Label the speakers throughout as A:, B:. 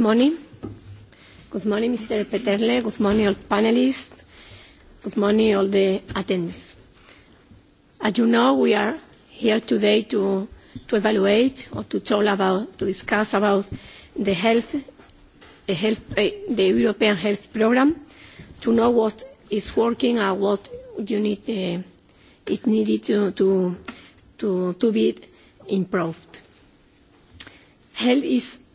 A: morning. Good morning, Mr. Peterle. Good morning, all panelists. Good morning, all the attendees. As you know, we are here today to, to evaluate or to talk about, to discuss about the health, the, health, uh, the European Health Programme, to know what is working and what you need, uh, is needed to, to, to, to be improved. Health is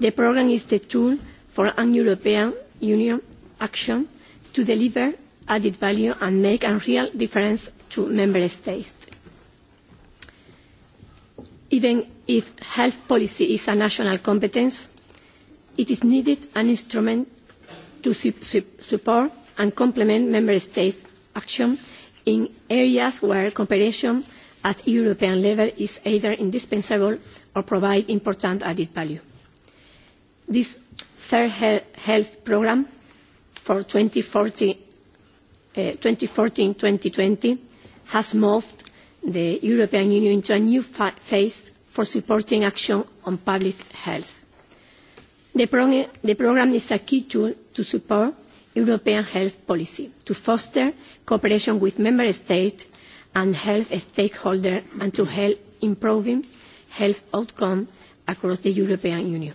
A: The programme is the tool for an European Union action to deliver added value and make a real difference to member states. Even if health policy is a national competence, it is needed an instrument to support and complement member states' action in areas where cooperation at European level is either indispensable or provides important added value. This third health programme for 2014-2020 uh, has moved the European Union into a new phase for supporting action on public health. The, prog the programme is a key tool to support European health policy, to foster cooperation with member states and health stakeholders, and to help improving health outcomes across the European Union.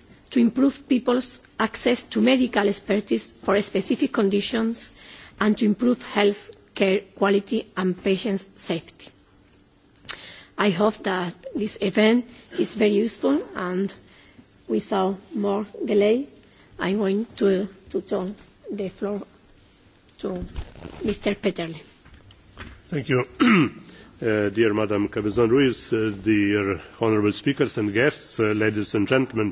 A: to improve people's access to medical expertise for specific conditions and to improve health care quality and patient safety. I hope that this event is very useful and without more delay, I'm going to, to turn the floor to Mr. Peterle.
B: Thank you. Uh, dear Madam Cabezon Ruiz, uh, dear honourable speakers and guests, uh, ladies and gentlemen,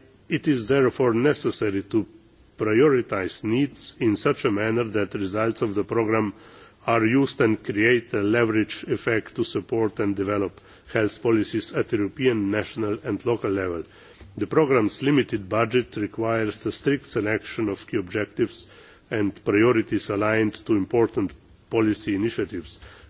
B: It is therefore necessary to prioritise needs in such a manner that results of the programme are used and create a leverage effect to support and develop health policies at European, national and local level. The programme's limited budget requires a strict selection of key objectives and priorities aligned to important policy initiatives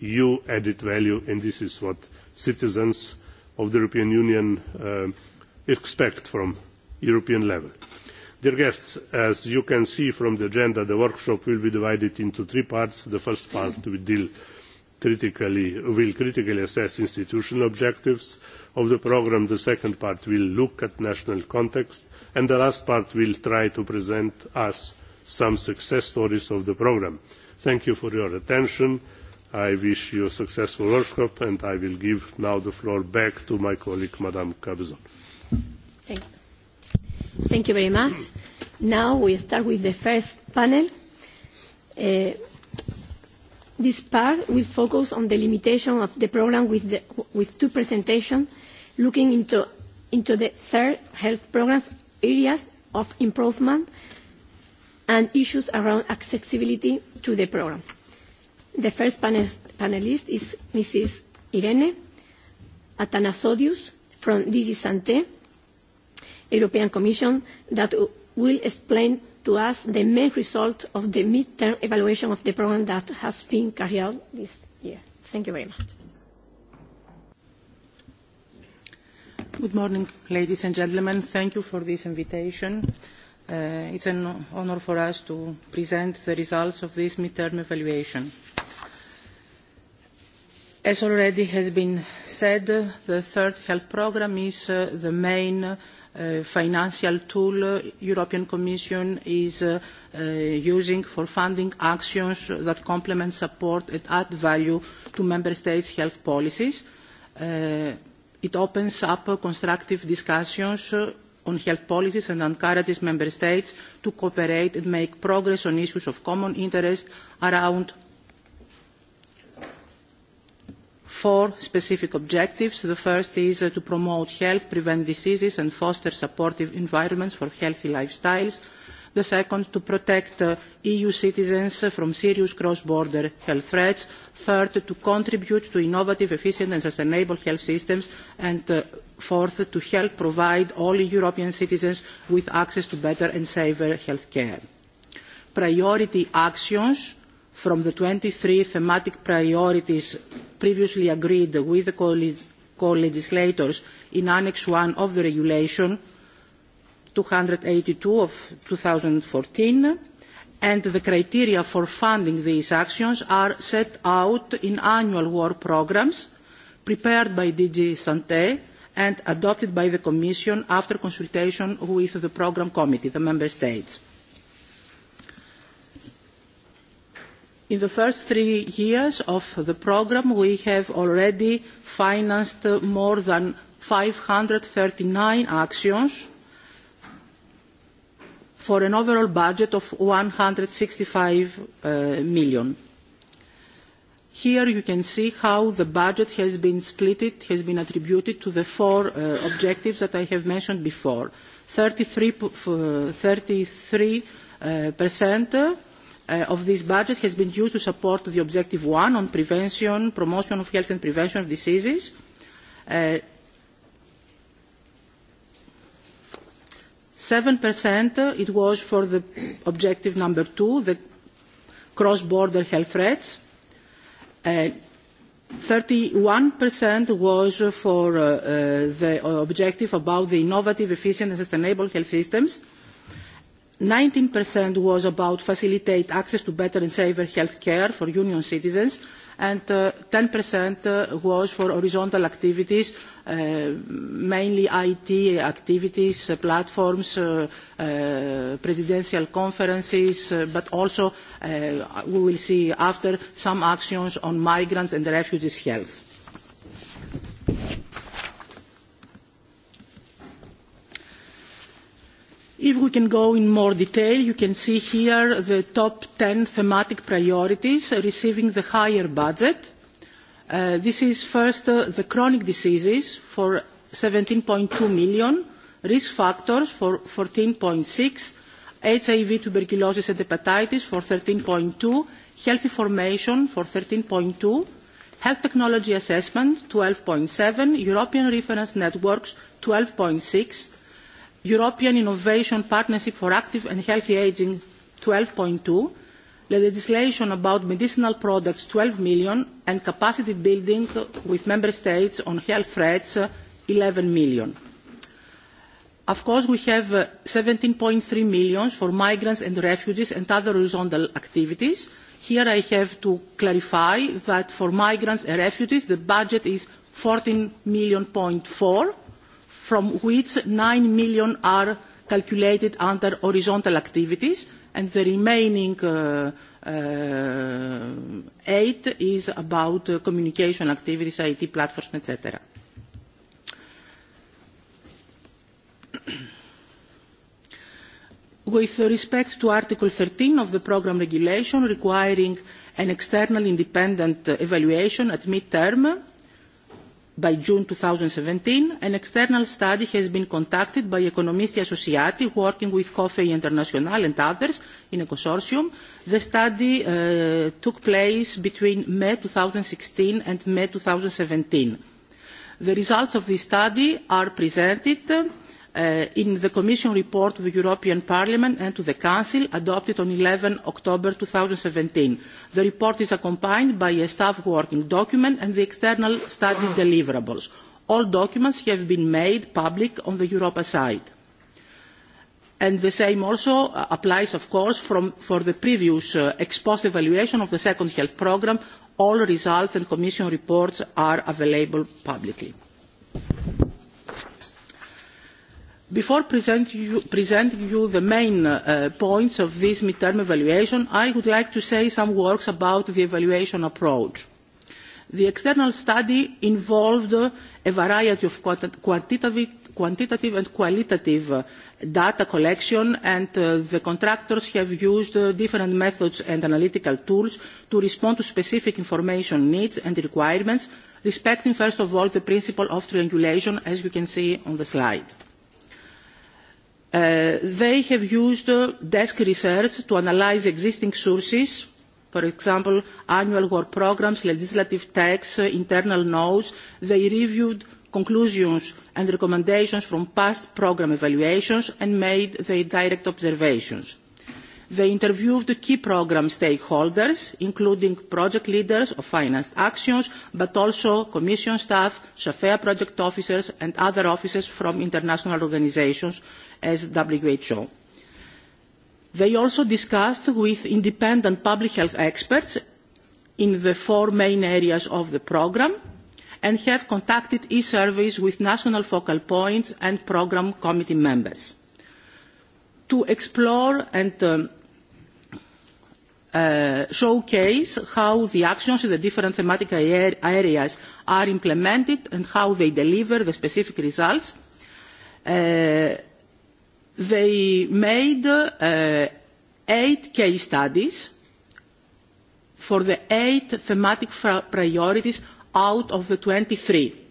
B: eu added value and this is what citizens of the european union uh, expect from european level. dear guests as you can see from the agenda the workshop will be divided into three parts. the first part will critically will critically assess institutional objectives of the programme the second part will look at national context and the last part will try to present us some success stories of the programme. thank you for your attention. I wish you a successful workshop and I will give now the floor back to my colleague Madame Cabezon.
A: Thank you. Thank you very much. Now we start with the first panel. Uh, this part will focus on the limitation of the program with, two presentations looking into, into the third health program's areas of improvement and issues around accessibility to the program. The first panelist is Mrs. Irene Atanasodius from DG Sante, European Commission, that will explain to us the main result of the mid-term evaluation of the program that has been carried out this year. Thank you very much.
C: Good morning, ladies and gentlemen. Thank you for this invitation. Uh, it's an honor for us to present the results of this mid-term evaluation. As already has been said, the third health programme is uh, the main uh, financial tool the European Commission is uh, using for funding actions that complement support and add value to Member States' health policies. It opens up constructive discussions on health policies and encourages Member States to cooperate and make progress on issues of common interest around four specific objectives. The first is uh, to promote health, prevent diseases and foster supportive environments for healthy lifestyles. The second, to protect uh, EU citizens from serious cross-border health threats. Third, to contribute to innovative, efficient and sustainable health systems. And uh, fourth, to help provide all European citizens with access to better and safer health care. Priority actions from the 23 thematic priorities previously agreed with the co-legislators in Annex 1 of the Regulation 282 of 2014, and the criteria for funding these actions are set out in annual work programmes prepared by DG Sante and adopted by the Commission after consultation with the Programme Committee, the Member States. in the first three years of the programme we have already financed more than 539 actions for an overall budget of 165 five uh, million. Here you can see how the budget has been split, has been attributed to the four uh, objectives that I have mentioned before. 33, uh, 33 uh, percent Uh, of this budget has been used to support the objective one on prevention, promotion of health and prevention of diseases. Uh, 7% uh, it was for the objective number two, the cross-border health threats. Uh, 31% was for uh, uh, the objective about the innovative, efficient and sustainable health systems nineteen was about facilitate access to better and safer health care for union citizens and uh, ten uh, was for horizontal activities uh, mainly IT activities, platforms, presidential conferences, but also we will see after some actions on migrants and refugees' health If we can go in more detail, you can see here the top 10 thematic priorities receiving the higher budget. Uh, this is first uh, the chronic diseases for 17.2 million, risk factors for 14.6, HIV, tuberculosis and hepatitis for 13.2, health information for 13.2, health technology assessment 12.7, European reference networks 12.6, European Innovation Partnership for Active and Healthy Aging 12.2, the legislation about medicinal products 12 million, and capacity building with member states on health threats 11 million. Of course, we have 17.3 uh, million for migrants and refugees and other horizontal activities. Here I have to clarify that for migrants and refugees, the budget is 14 million point four from which 9 million are calculated under horizontal activities and the remaining 8 uh, uh, eight is about uh, communication activities, IT platforms, etc. With respect to Article 13 of the Programme Regulation requiring an external independent evaluation at mid-term, by June 2017, an external study has been conducted by Economisti Associati, working with COFEI International and others in a consortium. The study uh, took place between May 2016 and May 2017. The results of this study are presented Uh, in the Commission report to the European Parliament and to the Council adopted on 11 October 2017. The report is accompanied by a staff working document and the external study deliverables. All documents have been made public on the Europa site. And the same also uh, applies, of course, from, for the previous uh, ex post evaluation of the second health programme. All results and Commission reports are available publicly. Before presenting you, the main uh, points of this midterm evaluation, I would like to say some words about the evaluation approach. The external study involved a variety of quantitative, and qualitative uh, data collection and uh, the contractors have used different methods and analytical tools to respond to specific information needs and requirements, respecting first of all the principle of triangulation as you can see on the slide. Uh, they have used desk research to analyse existing sources, for example, annual work programmes, legislative texts, uh, internal notes. They reviewed conclusions and recommendations from past programme evaluations and made their direct observations. They interviewed key programme stakeholders, including project leaders of financed actions, but also Commission staff, SAFEA project officers and other officers from international organisations as who. they also discussed with independent public health experts in the four main areas of the programme and have contacted e surveys with national focal points and programme committee members to explore and um, uh, showcase how the actions in the different thematic areas are implemented and how they deliver the specific results uh, they made uh, eight case studies for the eight thematic priorities out of the 23.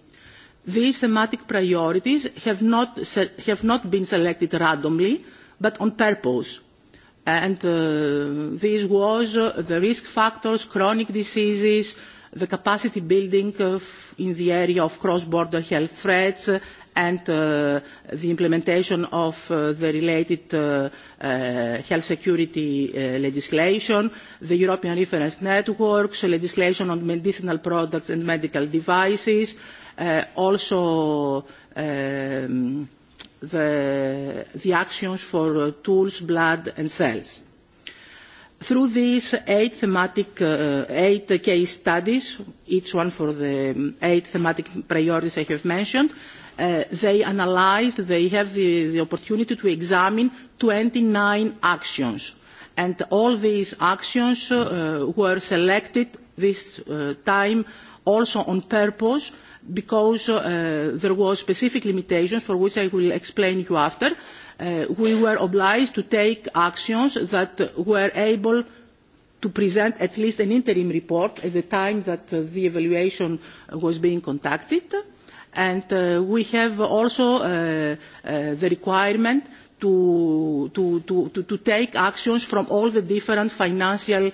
C: These thematic priorities have not, been selected randomly, but on purpose. And uh, this was uh, the risk factors, chronic diseases, the capacity building in the area of cross-border health threats, and uh, the implementation of uh, the related uh, health security legislation, the European reference networks, legislation on medicinal products and medical devices, also um, the actions for tools, blood and cells. Through these eight thematic, uh, eight case studies, each one for the eight thematic priorities I have mentioned, uh, they analyzed, they have the, the opportunity to examine 29 actions. And all these actions uh, were selected this uh, time also on purpose because uh, there were specific limitations for which I will explain you after Uh, we were obliged to take actions that were able to present at least an interim report at the time that uh, the evaluation was being conducted and uh, we have also the requirement to, to, to, to take actions from all the different financial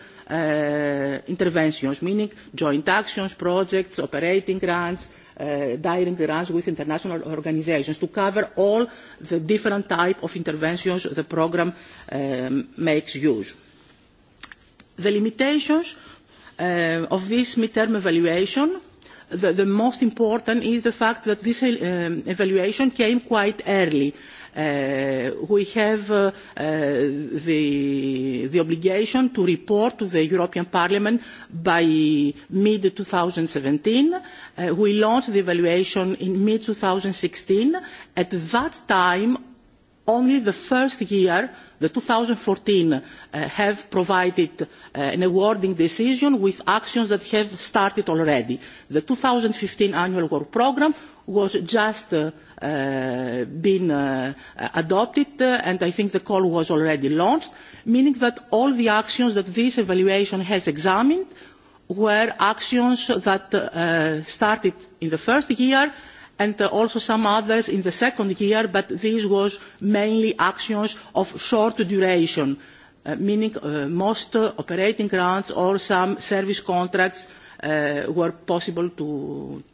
C: interventions meaning joint actions projects operating grants Uh, direct runs with international organizations to cover all the different type of interventions the program um, makes use. The limitations uh, of this midterm evaluation the, the most important is the fact that this um, evaluation came quite early Uh, we have uh, uh, the, the obligation to report to the European Parliament by mid-2017. We launched the evaluation in mid-2016. At that time, only the first year the 2014 have provided an awarding decision with actions that have started already the 2015 annual work programme was just Uh, been uh, adopted uh, and i think the call was already launched meaning that all the actions that this evaluation has examined were actions that uh, started in the first year and also some others in the second year but this was mainly actions of short duration meaning most operating grants or some service contracts Uh, were possible to,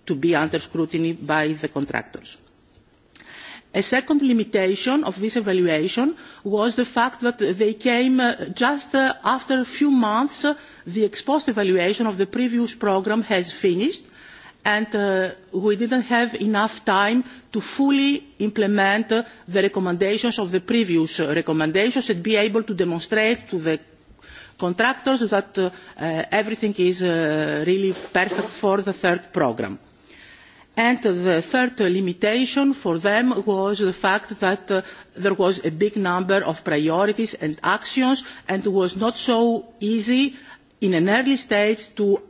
C: to be under scrutiny by the contractors. A second limitation of this evaluation was the fact that they came uh, just uh, after a few months uh, the ex post evaluation of the previous programme has finished and we we didn't have enough time to fully implement the recommendations of the previous recommendations and be able to demonstrate to the contractors that everything is really perfect for the third programme. And the third limitation for them was the fact that uh, there was a big number of priorities and actions and it was not so easy in an early stage to,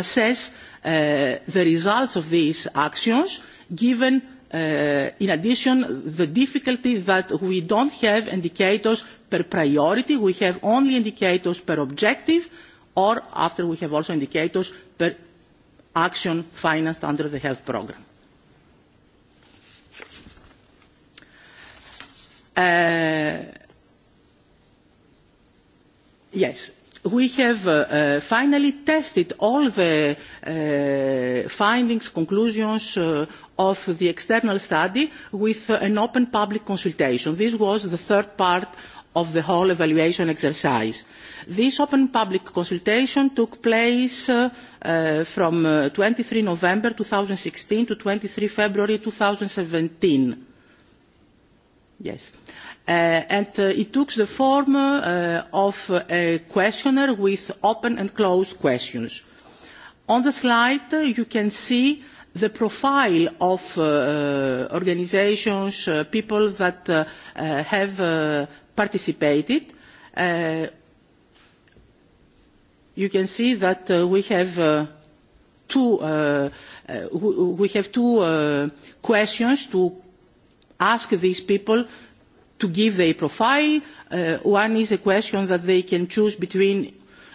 C: assess uh, the results of these actions given uh, in addition the difficulty that we don't have indicators per priority we have only indicators per objective or after we have also indicators per action financed under the health programme. Uh, yes, we have uh, uh, finally tested all the findings, conclusions of the external study with an open public consultation. This was the third part of the whole evaluation exercise. This open public consultation took place uh, uh, from uh, 23 November 2016 to 23 February 2017. Yes. Uh, and uh, it took the form uh, of a questionnaire with open and closed questions. On the slide, you can see the profile of organizations, people that have participated. Uh, you can see that uh, uh, we have two, we have two questions to ask these people to give their profile. One is a question that they can choose between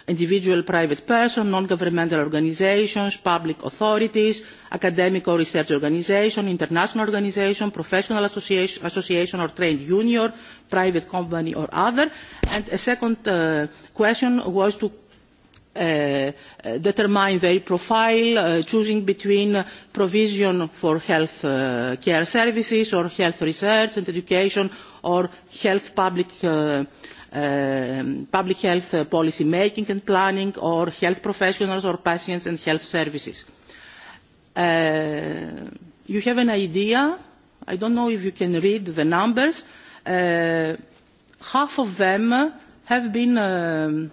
C: individual private person, non-governmental organizations, public authorities, academic or research organization, international organization, professional association, or trained union, private company or other. And a second uh, question was to uh, uh, determine their profile, choosing between provision for health care services or health research and education or health public Um, public health uh, policy making and planning or health professionals or patients and health services. Uh, you have an idea, I don't know if you can read the numbers, uh, half of them have been um,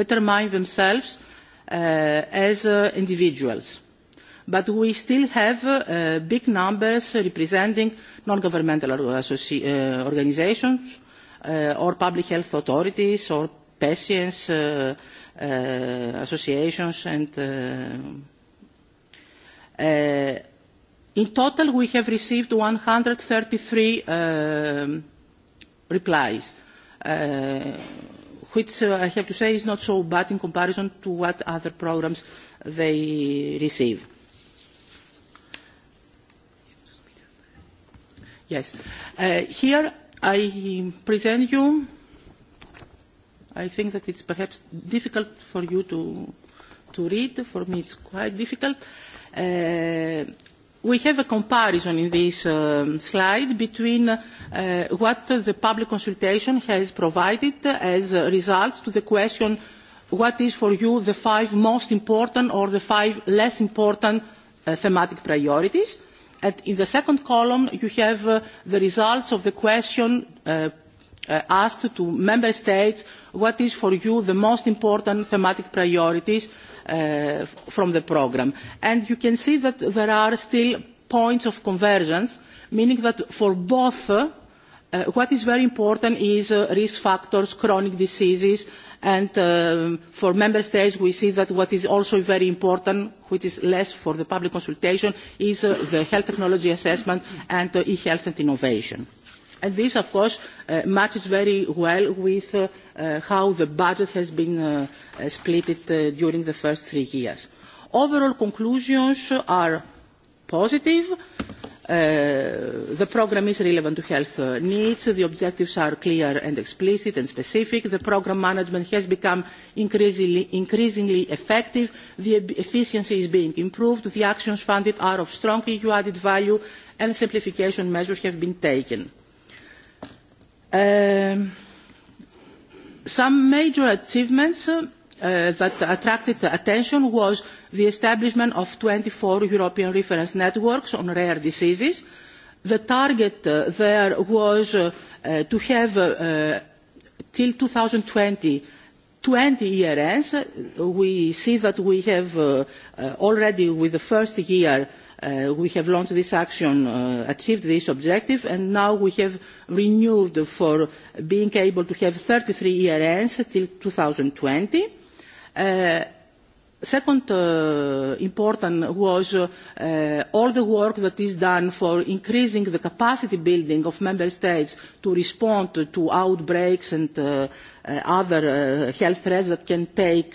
C: determined themselves as individuals. But we still have big numbers representing non-governmental organizations Uh, or public health authorities or patients uh, uh, associations and in total we have received 133 um, replies which i have to say is not so bad in comparison to what other programs they receive yes here i present you, I think that it's perhaps difficult for you to, to read, for me it's quite difficult. Uh, we have a comparison in this um, slide between uh, what the public consultation has provided as results to the question what is for you the five most important or the five less important uh, thematic priorities and in the second column you have uh, the results of the question uh, uh, asked to member states what is for you the most important thematic priorities from the programme and you can see that there are still points of convergence meaning that for both Uh, what is very important is uh, risk factors, chronic diseases, and um, for member states we see that what is also very important, which is less for the public consultation, is uh, the health technology assessment and e-health and innovation. And this, of course, matches very well with how the budget has been split during the first three years. Overall conclusions are positive. Uh, the programme is relevant to health uh, needs. The objectives are clear and explicit and specific. The programme management has become increasingly, increasingly effective. The e-, efficiency is being improved. The actions funded are of strong EU added value and simplification measures have been taken. Um, some major achievements uh, Uh, that attracted attention was the establishment of 24 European reference networks on rare diseases. The target uh, there was uh, uh to have uh, till 2020 20 year ends. We see that we have uh, already with the first year we have launched this action, achieved this objective, and now we have renewed for being able to have 33 year ends till 2020 Eh, second uh, important was uh, all the work that is done for increasing the capacity building of member states to respond to outbreaks and uh, other health threats that can take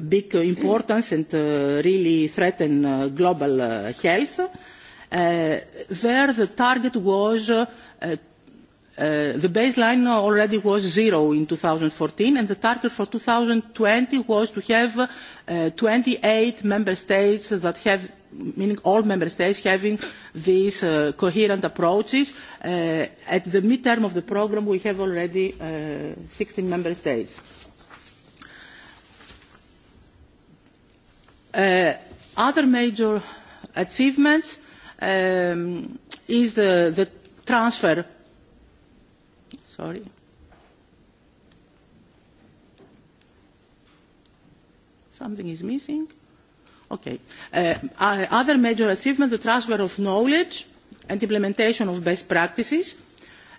C: big importance and really threaten global health. there the target was Uh, the baseline already was zero in 2014 and the target for 2020 was to have uh, 28 member states that have meaning all member states having these uh, coherent approaches uh, at the mid term of the programme we have already 16 member states other major achievements um, is the transfer Sorry. Something is missing. Okay. Uh, uh, other major achievement, the transfer of knowledge and implementation of best practices.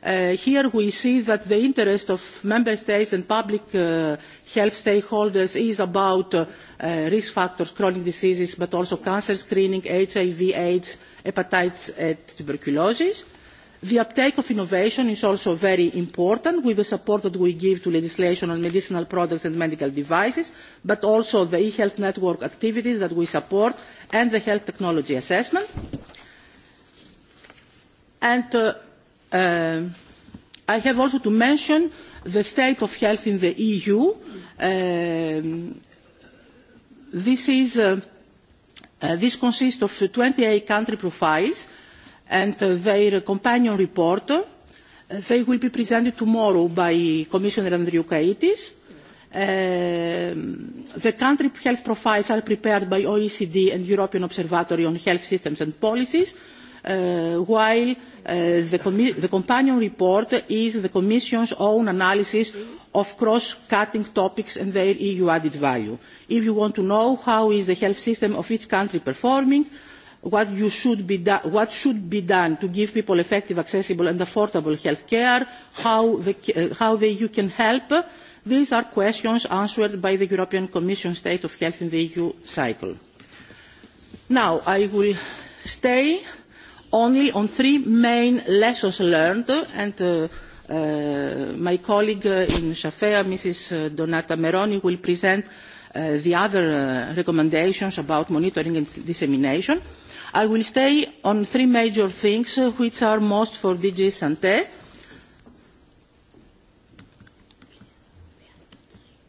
C: Uh, here we see that the interest of member states and public uh, health stakeholders is about uh, uh risk factors chronic diseases but also cancer screening hiv aids hepatitis and tuberculosis. The uptake of innovation is also very important with the support that we give to legislation on medicinal products and medical devices, but also the e-health network activities that we support and the health technology assessment. And uh, uh I have also to mention the state of health in the EU. Um, this, is, uh, uh, this consists of 28 country profiles and their companion report uh, they will be presented tomorrow by Commissioner Andriukaitis. Um, the country health profiles are prepared by OECD and European Observatory on Health Systems and Policies, uh, while uh, the, the companion report is the Commission's own analysis of cross-cutting topics and their EU added value. If you want to know how is the health system of each country performing, what, you should be what should be done to give people effective, accessible and affordable health care, how the, uh, how the EU can help. These are questions answered by the European Commission State of Health in the EU cycle. Now, I will stay only on three main lessons learned and uh, uh, my colleague in Shafea, Mrs. Donata Meroni, will present the other recommendations about monitoring and dissemination i will stay on three major things uh, which are most for dg sante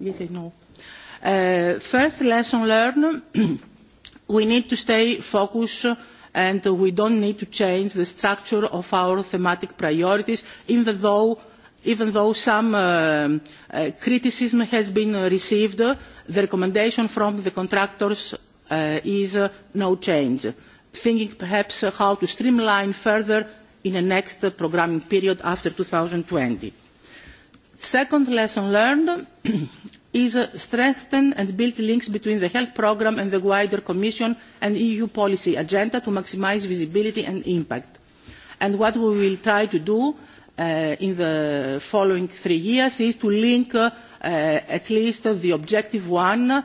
C: yes, uh, first lesson learned we need to stay focused and we don't need to change the structure of our thematic priorities even though even though some uh, criticism has been received the recommendation from the contractors is no change thinking perhaps uh, how to streamline further in the next uh, programming period after 2020. Second lesson learned is uh, strengthen and build links between the health programme and the wider Commission and EU policy agenda to maximise visibility and impact. And what we will try to do in the following three years is to link at least the objective one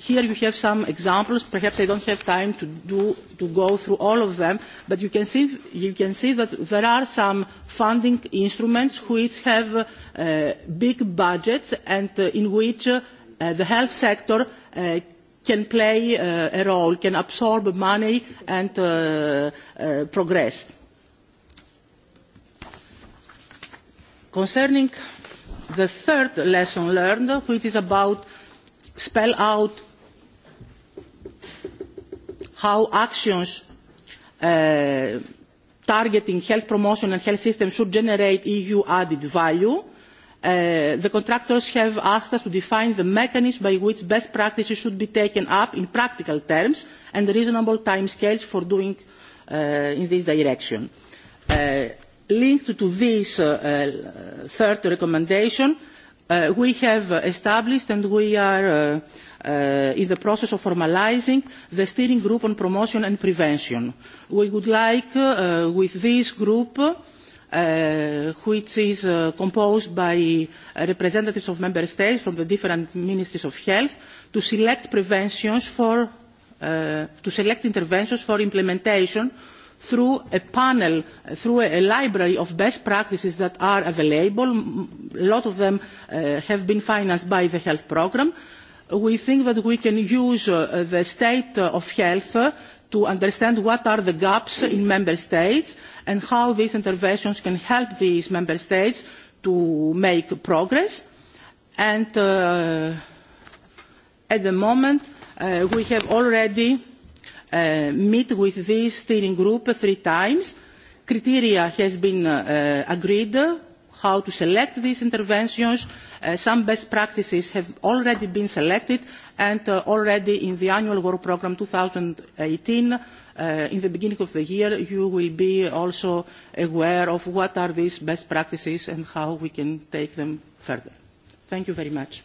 C: Here you have some examples. Perhaps I don't have time to, go through all of them, but you can, see, that there are some funding instruments which have uh, big budgets and uh, in which uh, the health sector can play a role, can absorb money and progress. Concerning the third lesson learned, which is about spell out how actions uh, targeting health promotion and health systems should generate eu added value uh, the contractors have asked us to define the mechanism by which best practices should be taken up in practical terms and reasonable timescales for doing uh, in this direction. linked to this third recommendation, we have established and we are Uh, in the process of formalising the steering group on promotion and prevention. we would like uh, with this group uh, which is composed by representatives of member states from the different ministries of health to select preventions for to select interventions for implementation through a panel through a library of best practices that are available a lot of them have been financed by the health programme we think that we can use uh, the state uh, of health uh, to understand what are the gaps in member states and how these interventions can help these member states to make progress and at the moment we have already met with this steering group three times criteria has been agreed how to select these interventions Uh, some best practices have already been selected and uh, already in the annual work programme 2018 uh, in the beginning of the year you will be also aware of what are these best practices and how we can take them further.
A: Thank you very much.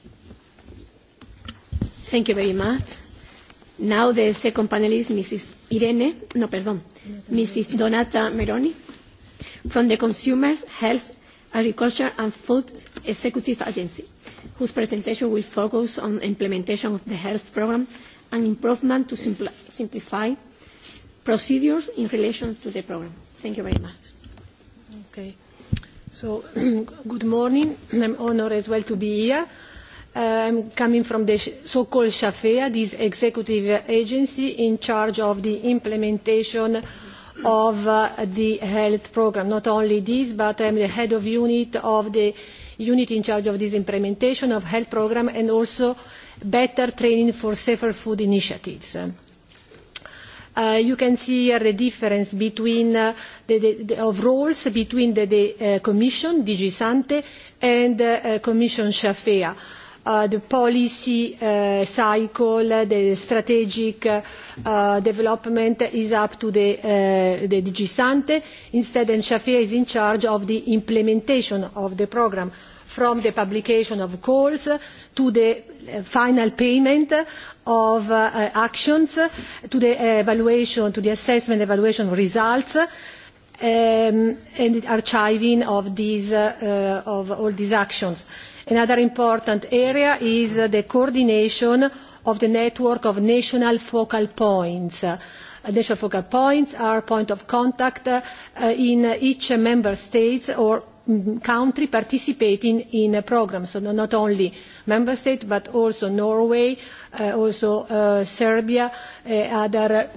A: Thank you very much. Now the second panelist, Mrs. Irene, no, pardon, Mrs. Donata Meroni from the Consumers Health Agriculture and Food Executive Agency, whose presentation will focus on implementation of the health programme and improvement to simplify procedures in relation to the programme. Thank you very much.
D: Okay. So, good morning. I'm honoured as well to be here. Uh, I'm coming from the so-called SHAFEA, this executive agency in charge of the implementation of uh, the health programme. Not only this, but I am the head of unit of the unit in charge of this implementation of health program and also better training for safer food initiatives. Uh, you can see here the difference between uh, the, the, the, of roles between the, the uh, Commission, DG Sante, and uh, uh Commission Shafea Uh, the policy uh, cycle, the strategic uh, development is up to the, DG Sante. Instead, Enshafia e is in charge of the implementation of the programme from the publication of calls to the final payment of actions, to the evaluation, to the assessment evaluation results, um, and the archiving of, these, of all these actions. Another important area is the coordination of the network of national focal points. National focal points are point of contact uh, in each member state or mm, country participating in a program. So not only member states, but also Norway, uh, also uh, Serbia, other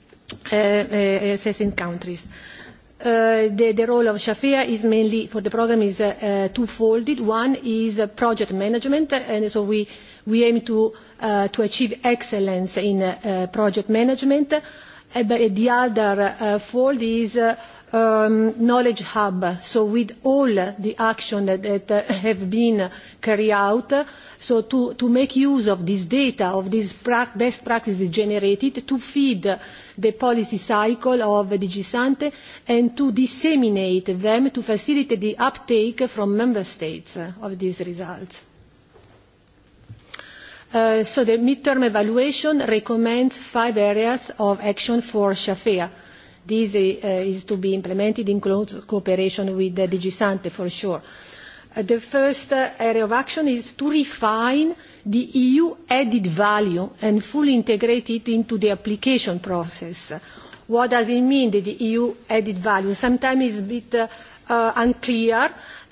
D: assessing countries. Eh, the, role of Shafia is mainly for the program is eh, twofolded. One is eh, project management, and so we aim to to achieve excellence in project management. But the other fold is Um, knowledge hub, so with all the action that uh, have been carried out, so to, make use of this data, of these best practices generated to feed the policy cycle of DigiSante and to disseminate them to facilitate the uptake from member states of these results. Uh, so the midterm evaluation recommends five areas of action for Shafea This uh, is to be implemented in close cooperation with Digisante for sure. Uh, the first uh, area of action is to refine the EU added value and fully integrate it into the application process. What does it mean, the EU added value? Sometimes it's a bit unclear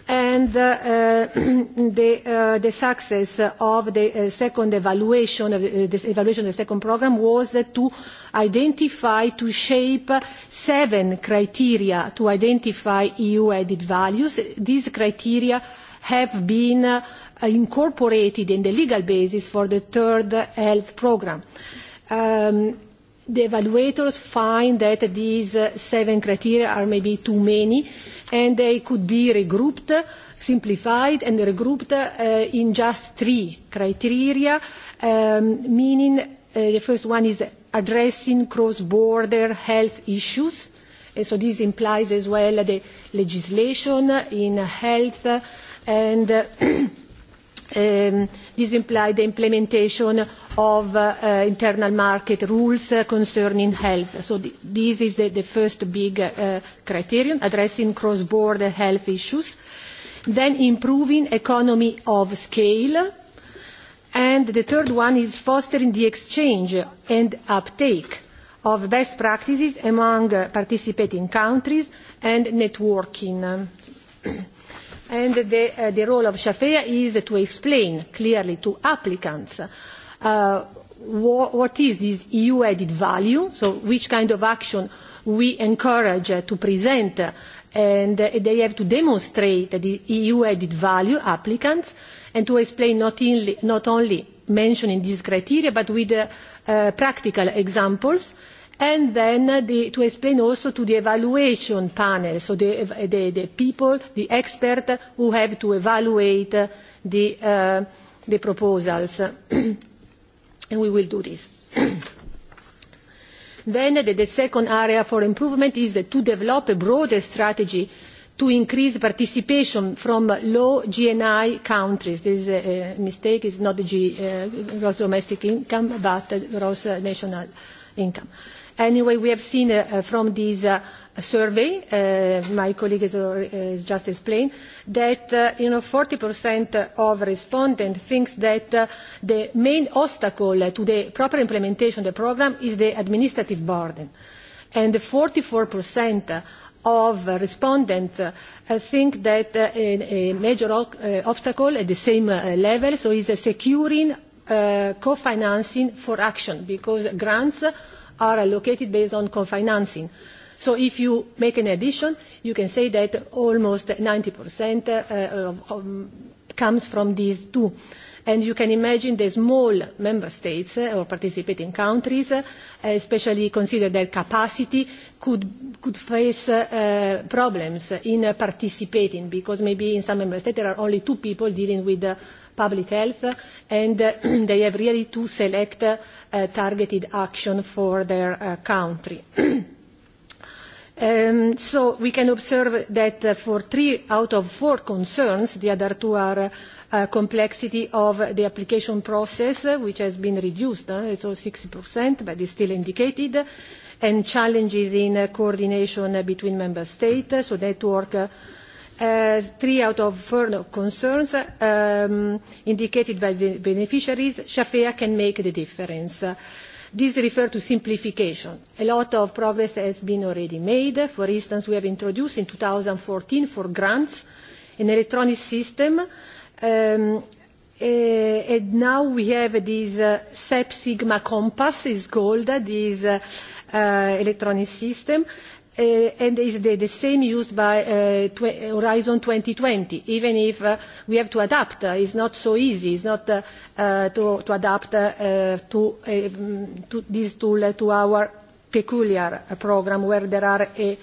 D: and uh, uh, the, success of the uh, second evaluation of the, second program was to identify to shape seven criteria to identify eu added values these criteria have been incorporated in the legal basis for the third health program. Um, the evaluators find that these seven criteria are maybe too many and they could be regrouped simplified and regrouped uh, in just three criteria um, meaning uh, the first one is addressing cross border health issues uh, so this implies as well the legislation in health and uh, Um, this implies the implementation of eh, internal market rules concerning health. So this is the, the first big eh, criterion, addressing cross-border health issues. Then improving economy of scale. And the third one is fostering the exchange and uptake of best practices among participating countries and networking. and the, uh, the role of Shafea is to explain clearly to applicants uh, what, is this EU added value, so which kind of action we encourage to present and they have to demonstrate the EU added value applicants and to explain not, in, not only mentioning these criteria but with uh, practical examples and then to explain also to the evaluation panel, so the, people, the experts who have to evaluate the, uh, the proposals. and we will do this. then the, second area for improvement is to develop a broader strategy to increase participation from low GNI countries. This is a, mistake. is not the uh, gross domestic income, but uh, gross national income. Anyway, we have seen uh, uh, from this uh, survey, my colleague has just explained, that you 40% of respondents think that the main obstacle to the proper implementation of the program is the administrative burden. And 44% of respondents think that a major obstacle at the same level so is securing co-financing for action because grants are allocated based on co-financing. So if you make an addition, you can say that almost 90% uh, comes from these two. And you can imagine the small member states uh, or participating countries, uh, especially consider their capacity, could, face problems in participating because maybe in some member states there are only two people dealing with public health and they have really to select uh, targeted action for their uh, country. Um, so we can observe that uh, for three out of four concerns the other two are Uh, complexity of the application process, which has been reduced, uh, it's all 60%, but it's still indicated, and challenges in coordination between member states, so network Uh, three out of four concerns um, indicated by the beneficiaries, Shafea can make the difference. This These refer to simplification. A lot of progress has been already made. For instance, we have introduced in 2014 for grants an electronic system um, uh, and now we have this uh, Sigma Compass is called, this uh, electronic system Uh, and is the, same used by uh, Horizon 2020, even if uh, we have to adapt. it's not so easy. It's not to, adapt um, to, this tool to our peculiar program where there are a,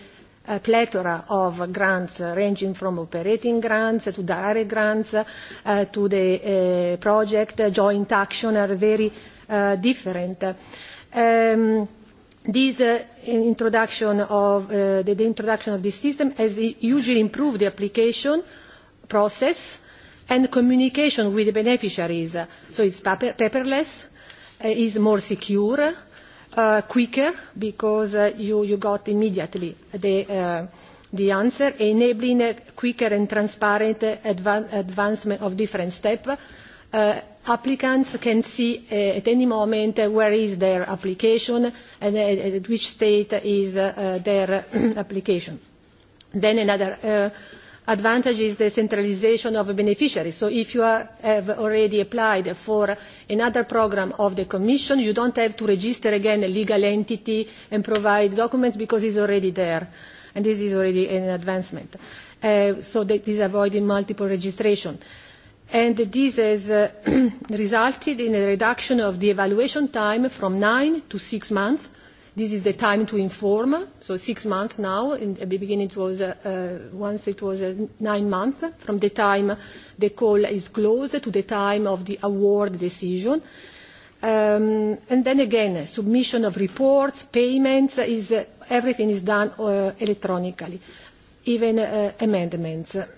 D: plethora of grants ranging from operating grants to direct grants to the project joint action are very different. Um, This uh, introduction of, uh, the, the introduction of this system has hugely improved the application process and communication with the beneficiaries. So it's paperless, uh, is more secure, quicker because you, you got immediately the, answer, enabling a quicker and transparent advancement of different steps applicants can see uh, at any moment uh, where is their application and uh, at which state is their application. Then another advantage is the centralisation of beneficiaries. So if you are, have already applied for another programme of the Commission, you don't have to register again a legal entity and provide documents because it's already there. And this is already an advancement. so that is avoiding multiple registration and this has uh, resulted in a reduction of the evaluation time from nine to six months. This is the time to inform, so six months now. In the beginning it was, uh, uh, once it was nine months, from the time the call is closed to the time of the award decision. Um, and then again, submission of reports, payments, is, everything is done electronically, even amendments.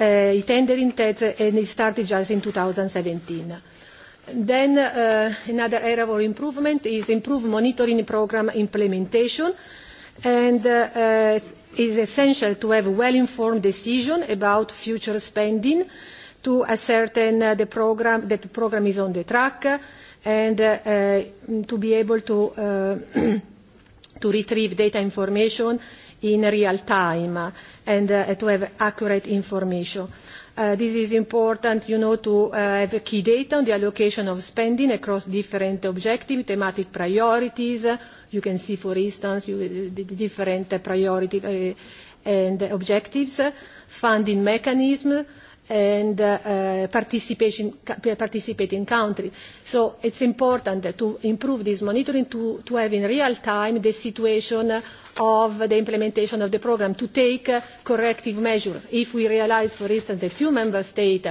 D: Uh, eh, the eh, in test and it started just in 2017. Then eh, another area for improvement is improved monitoring program implementation and uh, is essential to have well-informed decision about future spending to ascertain the program, that the program is on the track and to be able to, to retrieve data information in real time and uh, to have accurate information. Uh, this is important you know to uh, have key data on the allocation of spending across different objectives thematic priorities uh, you can see for instance you, uh, the different priorities uh, and objectives funding mechanisms and uh, participation, participating country. So it's important to improve this monitoring to, to have in real time the situation of the implementation of the program, to take corrective measures. If we realize, for instance, that few member states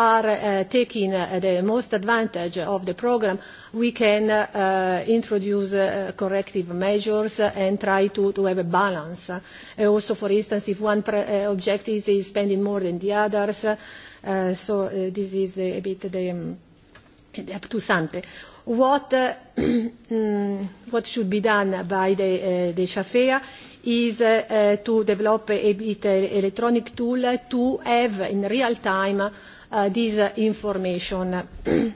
D: are uh, taking uh, the most advantage of the programme we can uh, introduce corrective measures and try to, have a balance. Also, for instance, if one objective is spending more than the others, so this is a bit the um, up to What, mm, what should be done by the, uh, Shafea is to develop a bit electronic tool to have in real time Uh, this uh, information because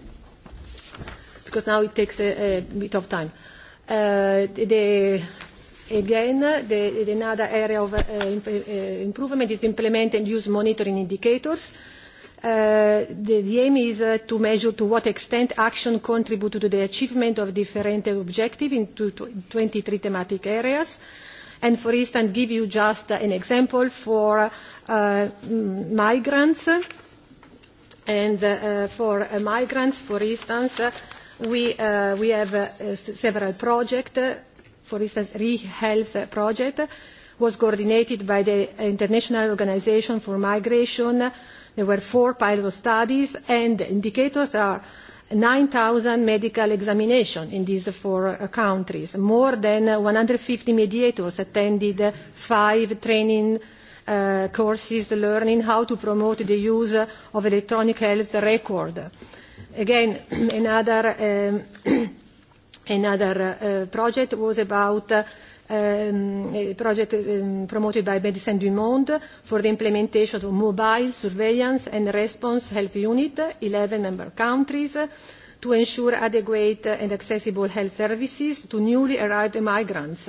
D: now it takes a, bit of time. Uh, again, the, another area of improvement is implement and use monitoring indicators. Uh, the, aim is to measure to what extent action contributes to the achievement of different objectives in two, twenty three thematic areas. And for instance, give you just an example for migrants and uh, for uh, migrants for instance uh, we uh, we have several projects for instance re health project was coordinated by the international Organization for migration there were four pilot studies and indicators are 9000 medical examinations in these four countries more than 150 mediators attended five training uh, courses learning how to promote the use of electronic health record. Again, another, um, another uh, project was about uh, um, a project um, promoted by Medicine du Monde for the implementation of mobile surveillance and response health unit, 11 member countries, to ensure adequate and accessible health services to newly arrived migrants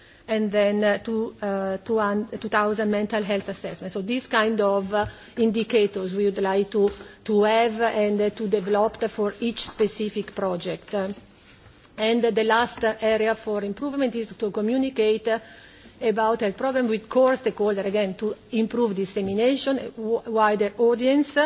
D: and then uh, to, uh, to 2000 mental health assessment. So these kind of uh, indicators we would like to, to have and uh, to develop for each specific project. Uh, and the last area for improvement is to communicate about a program with core stakeholders, again, to improve dissemination, wider audience,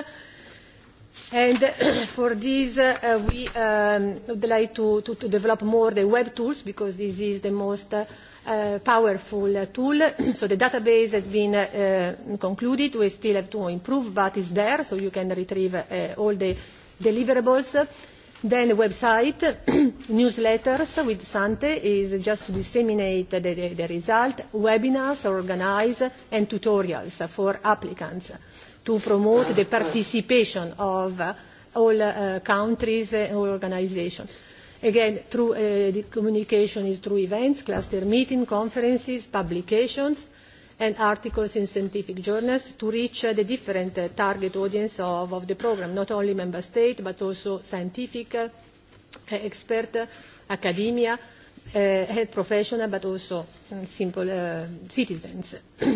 D: and for this uh, we um, would like to, to, to develop more the web tools because this is the most uh, uh, powerful tool. so the database has been eh, concluded. We still have to improve, but it's there, so you can retrieve eh, all the deliverables. Then website, newsletters with Sante is just to disseminate the, result, webinars are organized, and tutorials for applicants to promote the participation of all countries and organizations again through uh, the communication is through events cluster meetings conferences publications and articles in scientific journals to reach uh, the different uh, target audience of, of the programme not only member states but also scientific uh, experts uh, academia uh, health professional, but also simple citizens.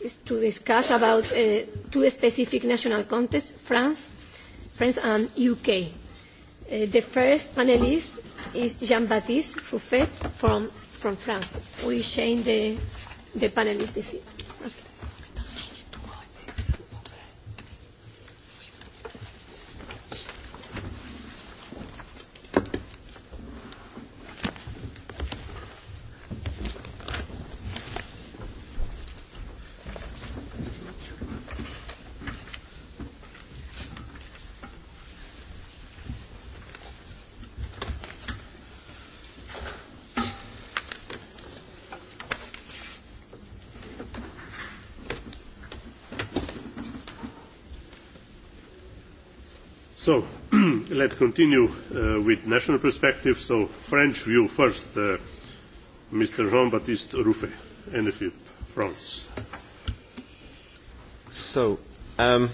A: is to discuss about uh, two specific national contests, France, France and UK. Uh, the first panelist is Jean-Baptiste Ruffet from, from France. We change the, the panelist this
B: So let's continue uh, with national perspective. So French view first, uh, Mr. Jean-Baptiste Ruffet, and France. So, um,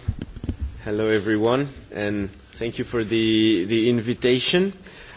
B: hello everyone,
E: and thank you for the, the invitation.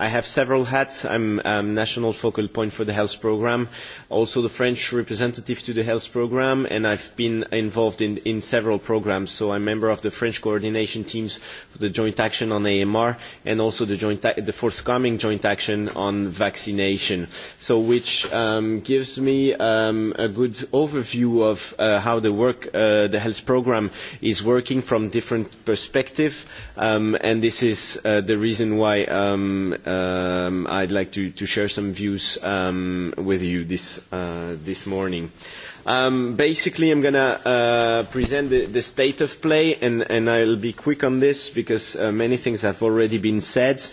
E: i have several hats. I'm um, national focal point for the health program, also the French representative to the health program, and I've been involved in, several programs. So I'm member of the French coordination teams for the joint action on AMR and also the, joint the forthcoming joint action on vaccination, so which um, gives me um, a good overview of uh, how the work, uh, the health program is working from different perspectives, um, and this is uh, the reason why um, um, I'd like to, to share some views um, with you this, uh, this morning. Um, basically, I'm going to uh, present the, state of play, and, and I'll be quick on this because uh, many things have already been said.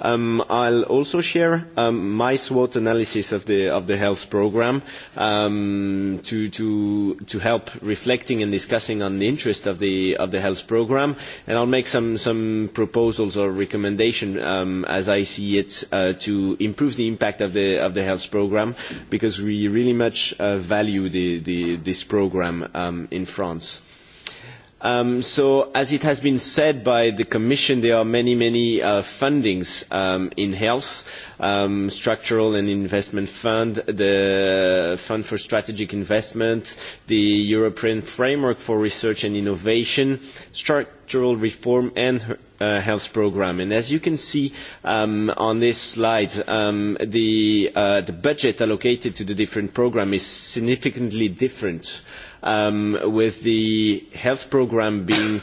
E: Um, I'll also share um, my SWOT analysis of the, of the health program um, to, to, to help reflecting and discussing on the interest of the, of the health program, and I'll make some, some proposals or recommendations um, as I see it uh, to improve the impact of the, health program because we really much value the the, this program um, in France. Um, so as it has been said by the Commission, there are many, many uh, fundings um, in health, um, structural and investment fund, the fund for strategic investment, the European framework for research and innovation, structural reform and Uh, health programme. And as you can see um, on this slide, um, uh, the, budget allocated to the different programmes is significantly different, um, with the health program being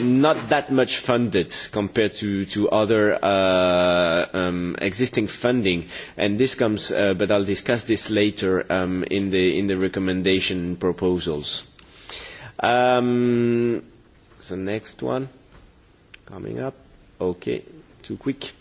E: not that much funded compared to, to other uh, existing funding. And this comes, but I'll discuss this later in the, in the recommendation proposals. The next one coming up. Okay, too quick.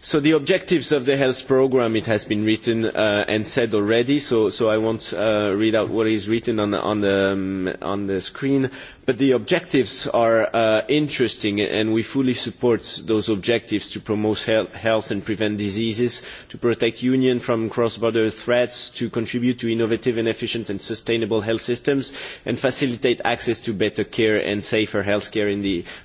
E: So the objectives of the health programme, it has been written uh, and said already, so, so I won't uh, read out what is written on the, on the, um, on the screen but the objectives are uh, interesting and we fully support those objectives to promote health and prevent diseases to protect union from cross border threats to contribute to innovative and efficient and sustainable health systems and facilitate access to better care and safer health care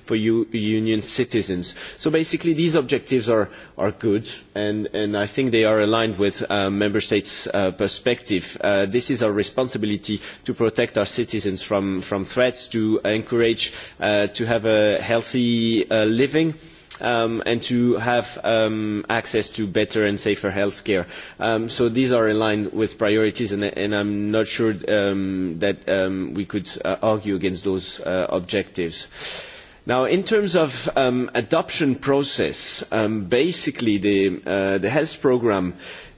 E: for union citizens. so basically these objectives are, are good and, i think they are aligned with uh, member states' uh, perspective. this is our responsibility to protect our citizens from, from threats to encourage uh, to have a healthy uh, living um, and to have um, access to better and safer health care. Um, so these are aligned with priorities, and, and I'm not sure that we could uh, argue against those objectives. Now, in terms of adoption process, basically the, the health programme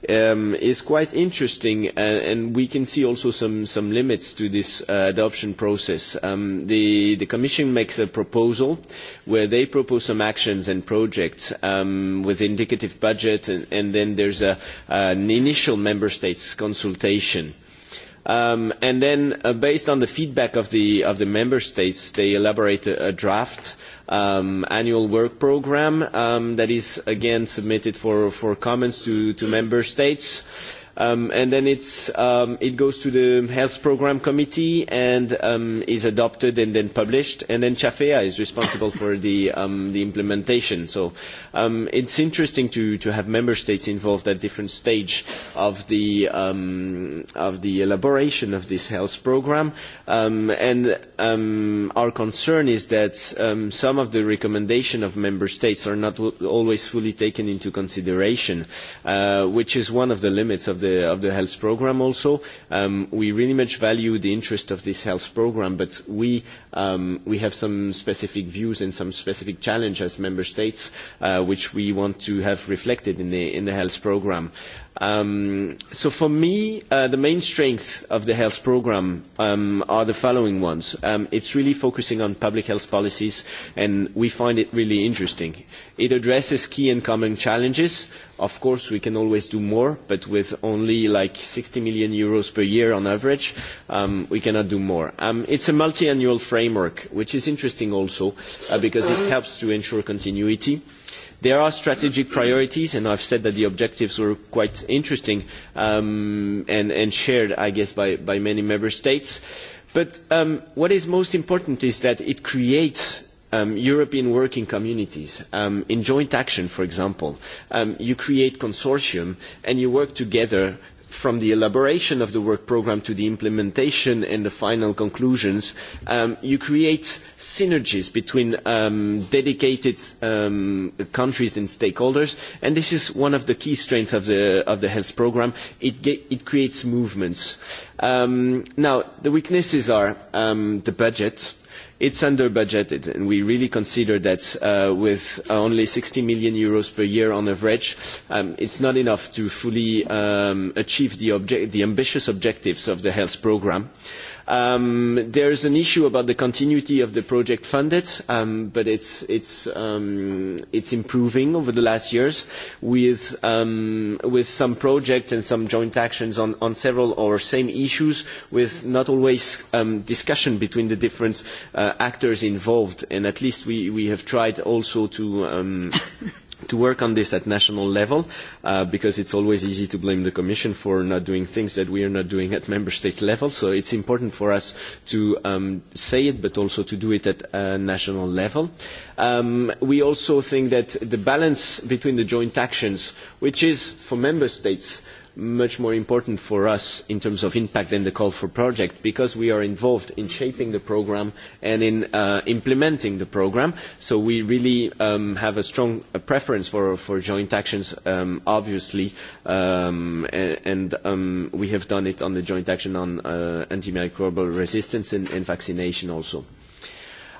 E: um, is quite interesting, uh, and we can see also some, some limits to this uh, adoption process. Um, the, the Commission makes a proposal where they propose some actions and projects um, with indicative budget, and, and then there's a, an initial Member States consultation. Um, and then, uh, based on the feedback of the, of the Member States, they elaborate a, a draft um, annual work program um, that is again submitted for, for comments to, to member states. Um, and then it's, um, it goes to the health program committee and is adopted and then published. And then CHAFEA is responsible for the, implementation. So um, it's interesting to, to have member states involved at different stage of the, of the elaboration of this health program. and our concern is that some some of the recommendations of member states are not always fully taken into consideration, uh, which is one of the limits of the, of the health programme also. Um, we really much value the interest of this health programme, but we, um, we have some specific views and some specific challenges as member states, uh, which we want to have reflected in the, in the health programme. Um, so for me, uh, the main strength of the health program um, are the following ones. Um, it's really focusing on public health policies, and we find it really interesting. It addresses key and common challenges. Of course, we can always do more, but with only like 60 million euros per year on average, um, we cannot do more. Um, it's a multi-annual framework, which is interesting also, uh, because it helps to ensure continuity There are strategic priorities, and I've said that the objectives were quite interesting um, and, and shared, I guess, by, by many member states. But um, what is most important is that it creates um, European working communities um, in joint action, for example. you create consortium and you work together from the elaboration of the work programme to the implementation and the final conclusions, um, you create synergies between um, dedicated um, countries and stakeholders, and this is one of the key strengths of the, of the health programme. It, it creates movements. now, the weaknesses are the budget It's under budgeted, and we really consider that uh, with only 60 million euros per year on average, it um, it's not enough to fully um, achieve the, the ambitious objectives of the health programme. Um, there is an issue about the continuity of the project funded, um, but it's, it's, um, improving over the last years with, um, with some projects and some joint actions on, on several or same issues with not always um, discussion between the different uh, actors involved. And at least we, we have tried also to to work on this at national level because uh, because it's always easy to blame the commission for not doing things that we are not doing at member state level so it's important for us to um, say it but also to do it at national level um, we also think that the balance between the joint actions which is for member states much more important for us in terms of impact than the call for project because we are involved in shaping the program and in uh, implementing the program. So we really um, have a strong uh, preference for, for joint actions, um, obviously, um, and we have done it on the joint action on uh, antimicrobial resistance and, vaccination also.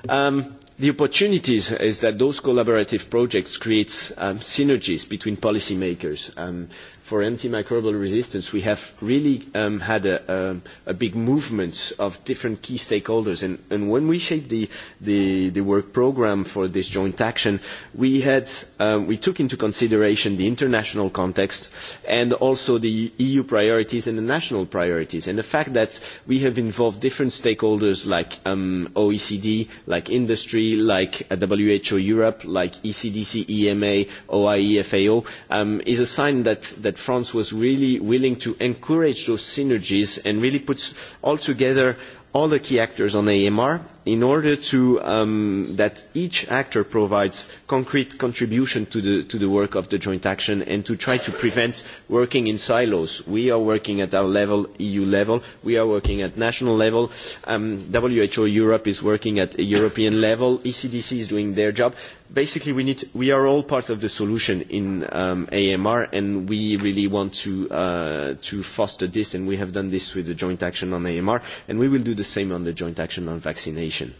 E: the opportunities is that those collaborative projects create synergies between policymakers. Um, for antimicrobial resistance, we have really um, had a, big movement of different key stakeholders. And, when we shaped the, the, work program for this joint action, we, had, um, we took into consideration the international context and also the EU priorities and the national priorities. And the fact that we have involved different stakeholders like um, OECD, like industry, like uh, WHO Europe, like ECDC, EMA, OIE, FAO, is a sign that France was really willing to encourage those synergies and really put all together all the key actors on AMR in order to um, that each actor provides concrete contribution to the to the work of the joint action and to try to prevent working in silos. We are working at our level, EU level, we are working at national level, um, WHO Europe is working at a European level, ECDC is doing their job basically we need we are all part of the solution in um, AMR and we really want to uh, to foster this and we have done this with the joint action on AMR and we will do the same on the joint action on vaccination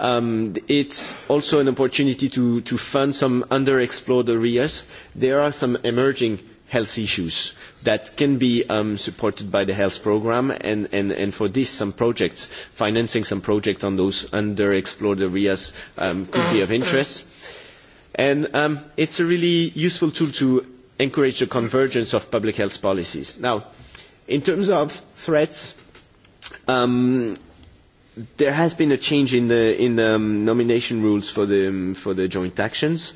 E: um, it's also an opportunity to, to fund some underexplored areas. There are some emerging health issues that can be um, supported by the health program and, and, for this some projects, financing some projects on those underexplored areas um, could be of interest. And um, it's a really useful tool to encourage the convergence of public health policies. Now, in terms of threats, um, there has been a change in the, in the nomination rules for the, for the joint actions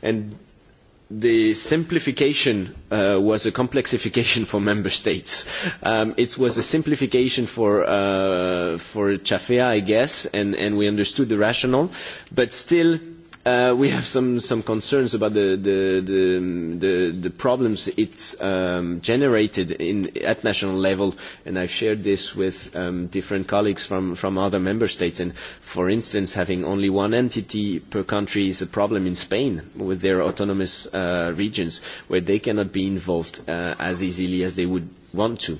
E: and the simplification uh, was a complexification for member states. Um, it was a simplification for uh, for Chafea, I guess, and, and we understood the rationale, but still Uh, we have some, some concerns about the, the, the, the, the problems it's um, generated in, at national level, and I've shared this with um, different colleagues from, from other member states. And for instance, having only one entity per country is a problem in Spain with their autonomous uh, regions, where they cannot be involved uh, as easily as they would want to.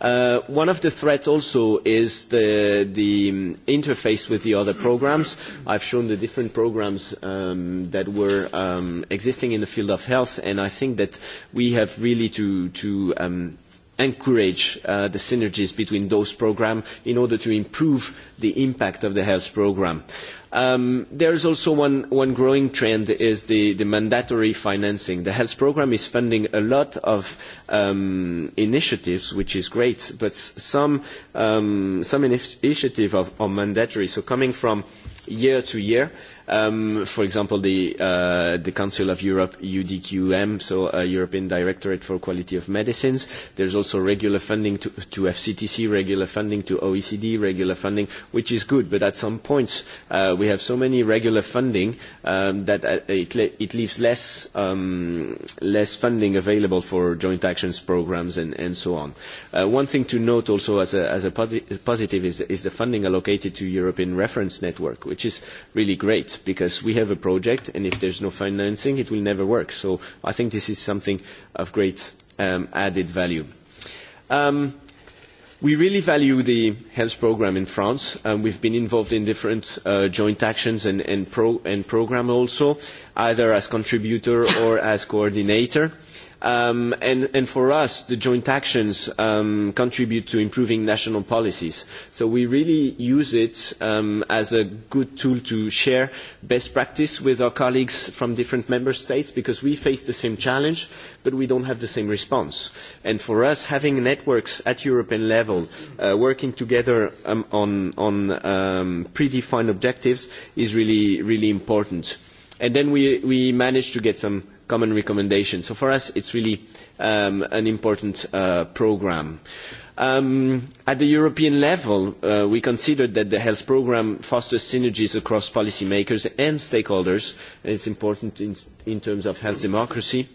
E: Uh, one of the threats also is the, the interface with the other programs. I've shown the different programs um, that were um, existing in the field of health, and I think that we have really to, to um, encourage uh, the synergies between those programs in order to improve the impact of the health program. Um, there is also one, one growing trend is the, mandatory financing. The health programme is funding a lot of um, initiatives, which is great, but some, um, some initiatives are, are mandatory. So coming from year to year, Um, for example, the, uh, the Council of Europe, UDQM, so a European Directorate for Quality of Medicines. There's also regular funding to, FCTC, regular funding to OECD, regular funding, which is good. But at some points, uh, we have so many regular funding um, that uh, it, it leaves less, um, less funding available for joint actions programs and, so on. one thing to note also as a, as a positive is, is the funding allocated to European Reference Network, which is really great because we have a project and if there's no financing it will never work. So I think this is something of great um, added value. Um, we really value the health program in France. Um, we've been involved in different uh, joint actions and, and, pro and programme also, either as contributor or as coordinator. Um, and, for us, the joint actions um, contribute to improving national policies. So we really use it um, as a good tool to share best practice with our colleagues from different member states because we face the same challenge, but we don't have the same response. And for us, having networks at European level uh, working together um, on, on predefined objectives is really, really important. And then we, we managed to get some common recommendation. So for us, it's really um, an important programme. Uh, program. Um, at the European level, uh, we considered that the health program fosters synergies across policymakers and stakeholders, and it's important in, in terms of health democracy.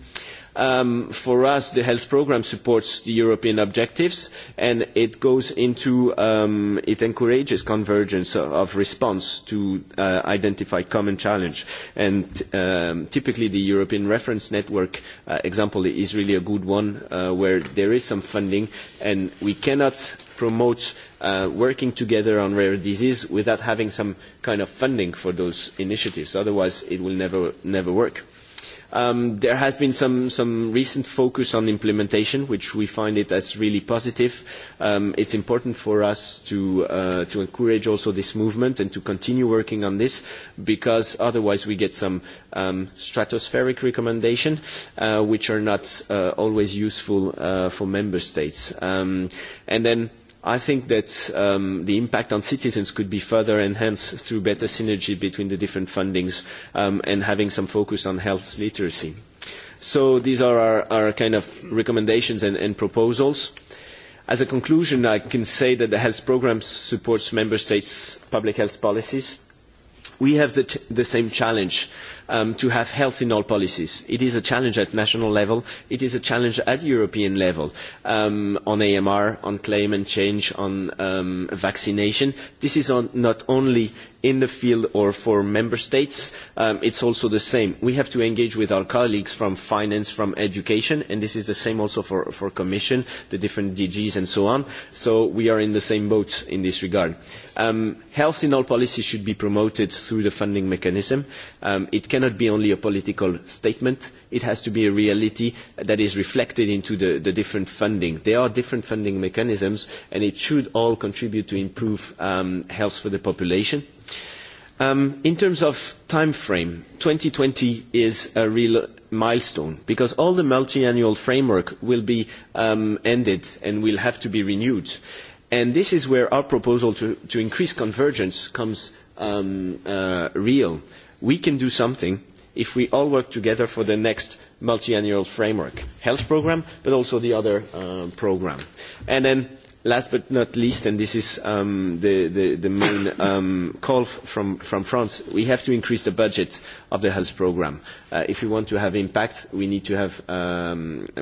E: Um, for us, the health programme supports the European objectives and it goes into um, it encourages convergence of response to uh, identify common challenge. And um, typically, the European Reference Network uh, example is really a good one, uh, where there is some funding and we cannot promote working together on rare disease without having some kind of funding for those initiatives. Otherwise, it will never never work. Um, there has been some, some recent focus on implementation, which we find it as really positive. Um, it's important for us to, uh, to encourage also this movement and to continue working on this, because otherwise we get some um, stratospheric recommendations, uh, which are not uh, always useful for member states. Um, and then i think that um, the impact on citizens could be further enhanced through better synergy between the different fundings um, and having some focus on health literacy. So these are our, kind of recommendations and, proposals. As a conclusion, I can say that the health programme supports member states' public health policies. We have the same challenge Um, to have health in all policies. It is a challenge at national level. It is a challenge at European level um, on AMR, on climate change, on um, vaccination. This is not only in the field or for member states it it's also the same we have to engage with our colleagues from finance from education and this is the same also for for commission the different dgs and so on so we are in the same boat in this regard health in all policies should be promoted through the funding mechanism Um, it cannot be only a political statement. It has to be a reality that is reflected into the, different funding. There are different funding mechanisms, and it should all contribute to improve um, health for the population. Um, in terms of time frame, 2020 is a real milestone because all the multiannual framework will be ended and will have to be renewed. And this is where our proposal to, increase convergence comes uh, real we can do something if we all work together for the next multiannual framework health programme but also the other uh, um, programme. and then last but not least and this is um, the, main um, call from, france we have to increase the budget of the health programme. Uh, if we want to have impact we need to have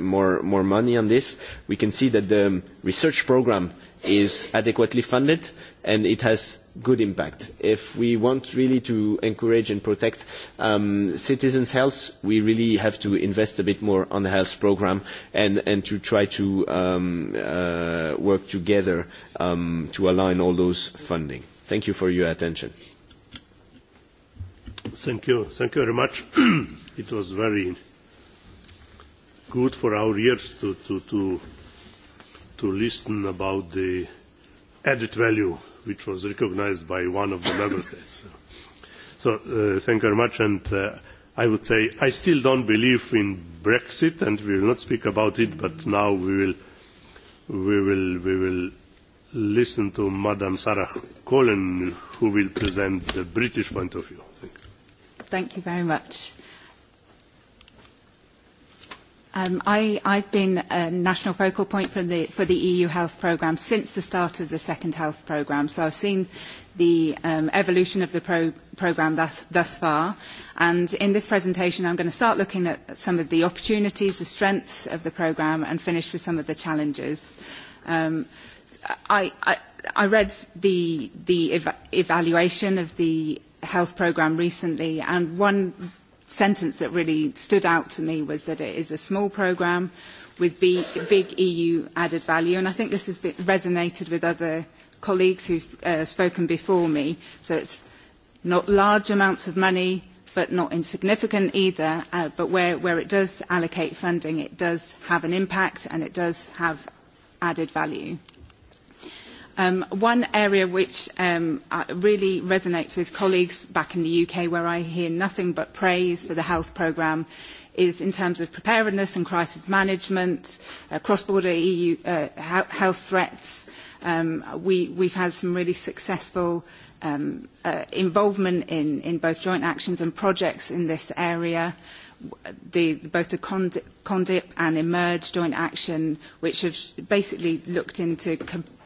E: more, more money on this. we can see that the research programme is adequately funded and it has good impact. If we want really to encourage and protect um, citizens' health, we really have to invest a bit more on the health program and, to try to um, uh, work together um, to align all those funding. Thank you for your attention.
B: Thank you. very much. it was very good for our ears to, to, to, to listen about the added value which was recognized by one of the member states. So uh, thank you very much. And uh, I would say I still don't believe in Brexit, and we will not speak about it. But now we will, we will, we will listen to Madam Sarah Colin, who will present the British point of view. Thank
F: you, thank you very much. Um, I, I've been a national focal point for the, for the EU Health Programme since the start of the second health programme, so I've seen the um, evolution of the pro programme thus, far. And in this presentation, I'm going to start looking at some of the opportunities, the strengths of the programme, and finish with some of the challenges. Um, I, I, I read the, the evaluation of the health programme recently, and one sentence that really stood out to me was that it is a small programme with big EU added value, and I think this has resonated with other colleagues who've uh, spoken before me. So it's not large amounts of money, but not insignificant either, uh, but where, where it does allocate funding, it does have an impact and it does have added value. Um, one area which um, uh, really resonates with colleagues back in the UK, where I hear nothing but praise for the health programme, is in terms of preparedness and crisis management, uh, cross-border EU uh, health threats. Um, we, we've had some really successful um, uh, involvement in, in both joint actions and projects in this area. The, both the CONDIP and EMERGE joint action, which have basically looked into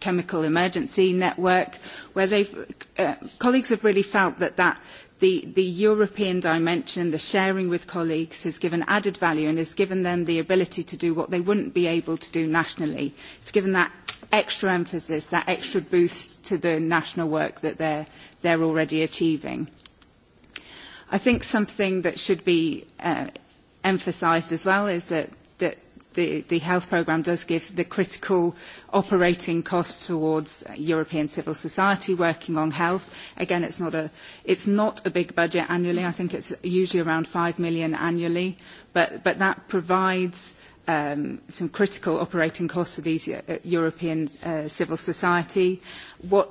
F: chemical emergency network, where they've, uh, colleagues have really felt that, that the, the European dimension, the sharing with colleagues has given added value and has given them the ability to do what they wouldn't be able to do nationally. It's given that extra emphasis, that extra boost to the national work that they're, they're already achieving. I think something that should be uh, emphasised as well is that, that the, the health programme does give the critical operating costs towards European civil society working on health. Again, it's not a, it's not a big budget annually. I think it's usually around 5 million annually, but, but that provides um, some critical operating costs for these uh, European uh, civil society. What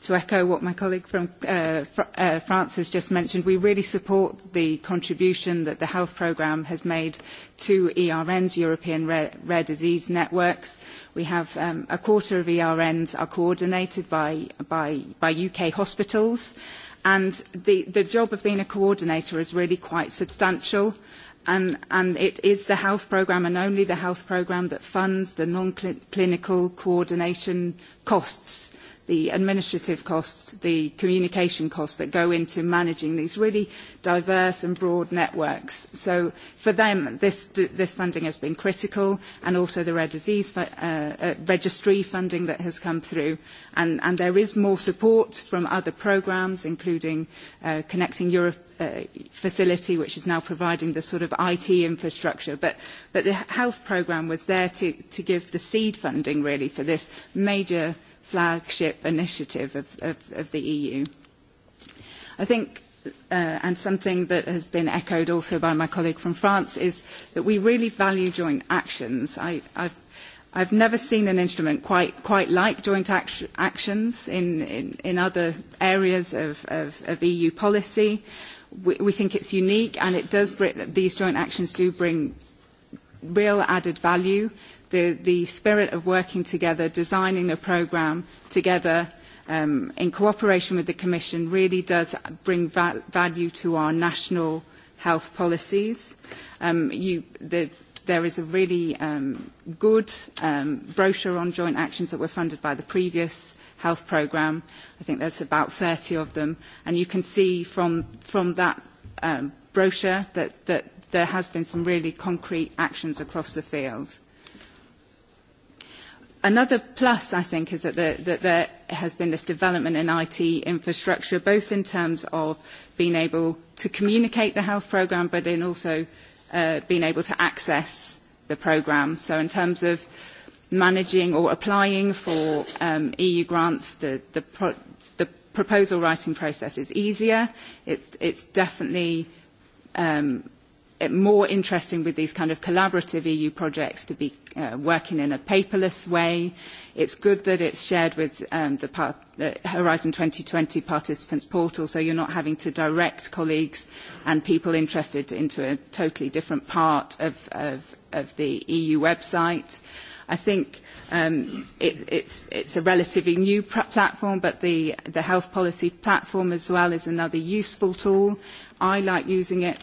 F: to echo what my colleague from uh, uh, France has just mentioned, we really support the contribution that the health programme has made to ERNs, European Rare, Disease Networks. We have um, a quarter of ERNs are coordinated by, by, UK hospitals, and the, job of being a coordinator is really quite substantial. And, and it is the health programme and only the health programme that funds the non-clinical coordination costs the administrative costs, the communication costs that go into managing these really diverse and broad networks. So for them, this, this funding has been critical, and also the rare disease uh, uh, registry funding that has come through. And, there is more support from other programs, including uh, Connecting Europe facility which is now providing the sort of IT infrastructure. But, the health program was there to give the seed funding really for this major flagship initiative of, of, of the EU. I think uh, and something that has been echoed also by my colleague from France is that we really value joint actions. I, I've I've never seen an instrument quite, quite like joint act actions in, in, in other areas of, of, of EU policy. We, we think it's unique and it does bring, these joint actions do bring real added value the, spirit of working together, designing a programme together um, in cooperation with the Commission really does bring value to our national health policies. Um, you, there is a really um, good brochure on joint actions that were funded by the previous health programme. I think there's about 30 of them. And you can see from, that brochure that, there has been some really concrete actions across the field. Another plus, I think, is that, there has been this development in IT infrastructure, both in terms of being able to communicate the health program, but in also uh, being able to access the program. So in terms of managing or applying for um, EU grants, the, proposal writing process is easier. It's, it's definitely um, Uh, more interesting with these kind of collaborative EU projects to be uh, working in a paperless way. It's good that it's shared with um, the Horizon 2020 participants portal, so you're not having to direct colleagues and people interested into a totally different part of, of, the EU website. I think um, it, it's, it's a relatively new platform, but the, the health policy platform as well is another useful tool. I like using it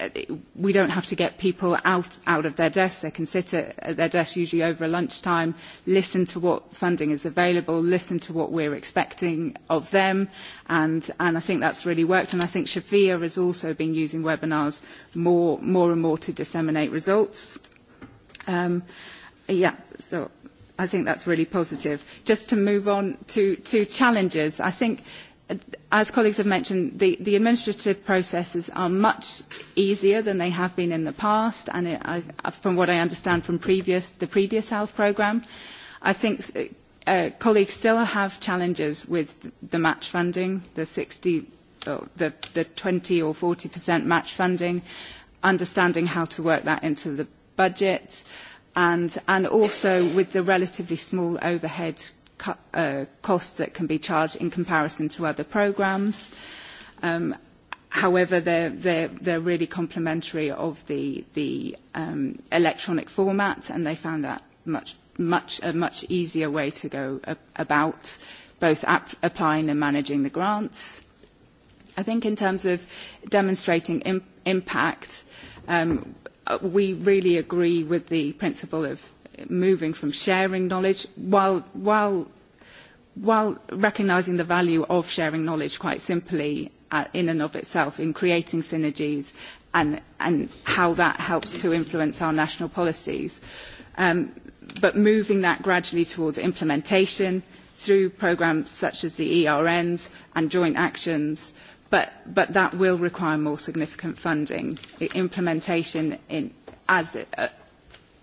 F: Uh, we don't have to get people out, out of their desks. They can sit at their desk usually over lunchtime, listen to what funding is available, listen to what we're expecting of them. And, and I think that's really worked. And I think Shafia has also been using webinars more, more and more to disseminate results. Um, yeah, so I think that's really positive. Just to move on to, to challenges, I think as colleagues have mentioned, the, administrative processes are much easier than they have been in the past, and it, I, uh, from what I understand from previous, the previous health programme, I think uh, uh, colleagues still have challenges with the match funding, the 60, the, the 20 or 40% match funding, understanding how to work that into the budget, and, and also with the relatively small overhead Uh, costs that can be charged in comparison to other programs. Um, however, they're, really complementary of the, the um, electronic format, and they found that much, much, a much easier way to go about both applying and managing the grants. I think in terms of demonstrating impact, um, uh, we really agree with the principle of moving from sharing knowledge while, while, while recognizing the value of sharing knowledge quite simply uh, in and of itself in creating synergies and, and how that helps to influence our national policies. Um, but moving that gradually towards implementation through programmes such as the ERNs and joint actions, but, but that will require more significant funding. The implementation in, as uh,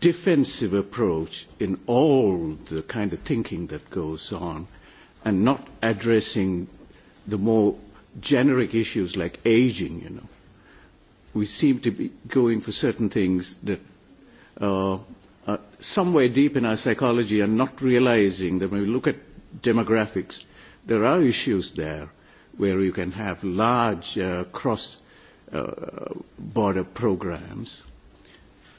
G: defensive approach in all the kind of thinking that goes on and not addressing the more generic issues like aging, you know. We seem to be going for certain things that uh, are somewhere deep in our psychology and not realizing that when we look at demographics, there are issues there where you can have large cross-border uh, uh programs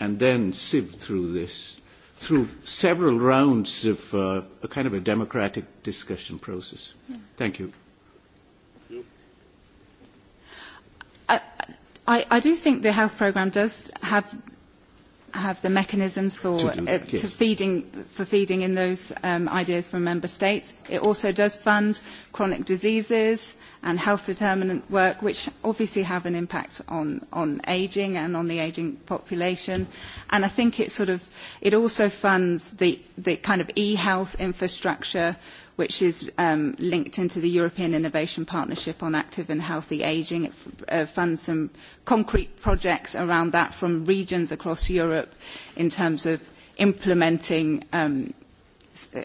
G: and then sieve through this through several rounds of uh, a kind of a democratic discussion process. Yeah. Thank you.
F: I, I do think the health programme does have have the mechanisms for, to, uh, feeding, for feeding in those um, ideas from member states. It also does fund chronic diseases and health determinant work, which obviously have an impact on, on and on the ageing population. And I think it sort of, it also funds the, the kind of e-health infrastructure, which is um, linked into the European Innovation Partnership on Active and Healthy Aging. It uh, funds some concrete projects around that from regions across Europe in terms of implementing um, uh,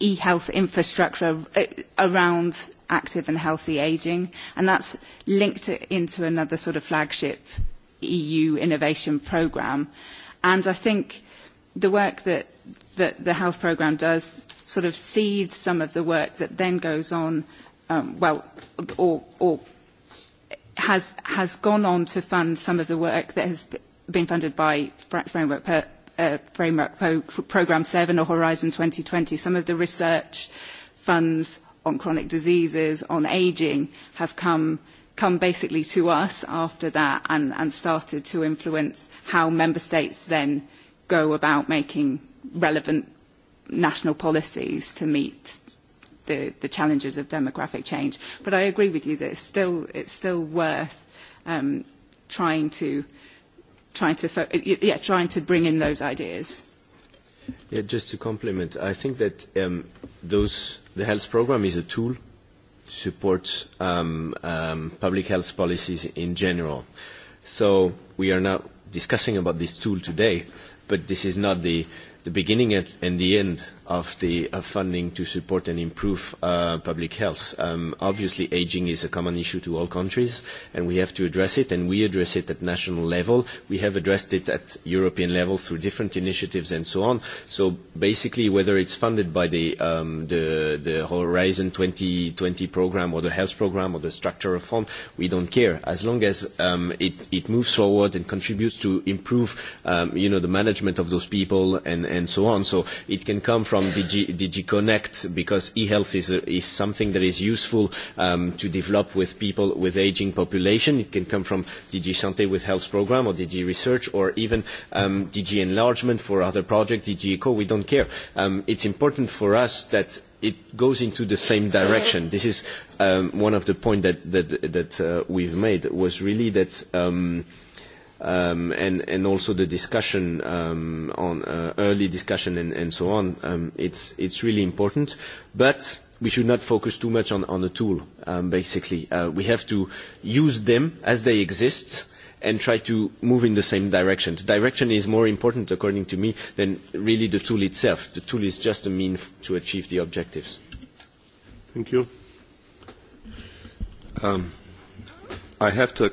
F: e-health infrastructure uh, around active and healthy aging, and that's linked into another sort of flagship EU innovation program. And I think the work that, that the health program does sort of seeds some of the work that then goes on, um, well, or, or has, has gone on to fund some of the work that has been funded by Framework, per, uh, framework pro, Programme 7 or Horizon 2020. Some of the research funds on chronic diseases, on ageing, have come come basically to us after that and, and started to influence how member states then go about making relevant national policies to meet the, the challenges of demographic change. But I agree with you that it's still, it's still worth um, trying to trying to yeah trying to bring in those ideas.
E: Yeah, just to compliment I think that um, those the health program is a tool to support um, um, public health policies in general. So we are not discussing about this tool today, but this is not the the beginning and, and the end of the uh, funding to support and improve uh, public health. Um, obviously, aging is a common issue to all countries, and we have to address it, and we address it at national level. We have addressed it at European level through different initiatives and so on. So basically, whether it's funded by the, um, the, the Horizon 2020 program or the health program or the Structural Fund, we don't care. As long as um, it, it moves forward and contributes to improve um, you know, the management of those people and, and so on. So it can come from from DG, Connect because e-health is, is something that is useful um, to develop with people with aging population. It can come from DG Santé with health program or DG Research or even um, DG Enlargement for other projects, DG Eco, we don't care. Um, it's important for us that it goes into the same direction. This is um, one of the points that, that, that uh, we've made was really that um, – um, and, also the discussion um, on uh, early discussion and, and so on, um, it's, it's really important. But we should not focus too much on, on the tool, um, basically. Uh, we have to use them as they exist and try to move in the same direction. The direction is more important, according to me, than really the tool itself. The tool is just a means to achieve the objectives.
B: Thank you.
H: Um, I have to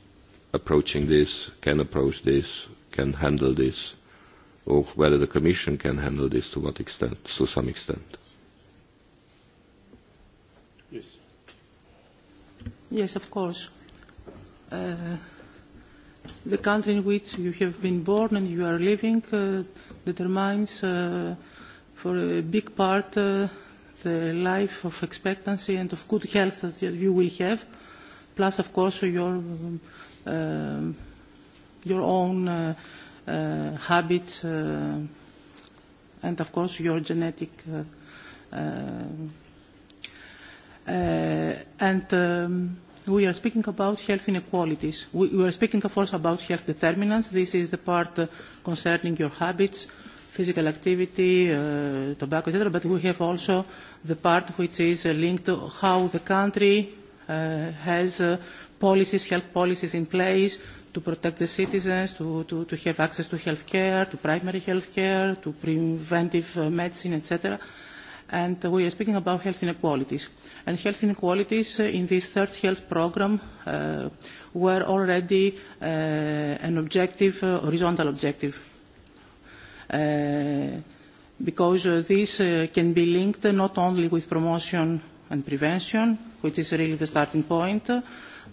H: approaching this, can approach this, can handle this, or whether the Commission can handle this to what extent, to some extent.
C: Yes. of course. Uh, the country in which you have been born and you are living uh, determines uh, for a big part uh, the life of expectancy and of good health that you will have, plus of course your um, uh your own uh, uh, habits uh, and of course your genetic uh, uh, uh, and um, we are speaking about health inequalities. We, we are speaking of course about health determinants. This is the part uh, concerning your habits, physical activity, uh, tobacco, etc. But we have also the part which is uh, linked to how the country uh, has uh, policies, health policies in place to protect the citizens, to, to, to have access to health care, to primary health care, to preventive uh, medicine, etc. And we are speaking about health inequalities. And health inequalities uh, in this third health program uh, were already uh, an objective, uh, horizontal objective. Uh, because uh, this uh, can be linked not only with promotion and prevention, which is really the starting point,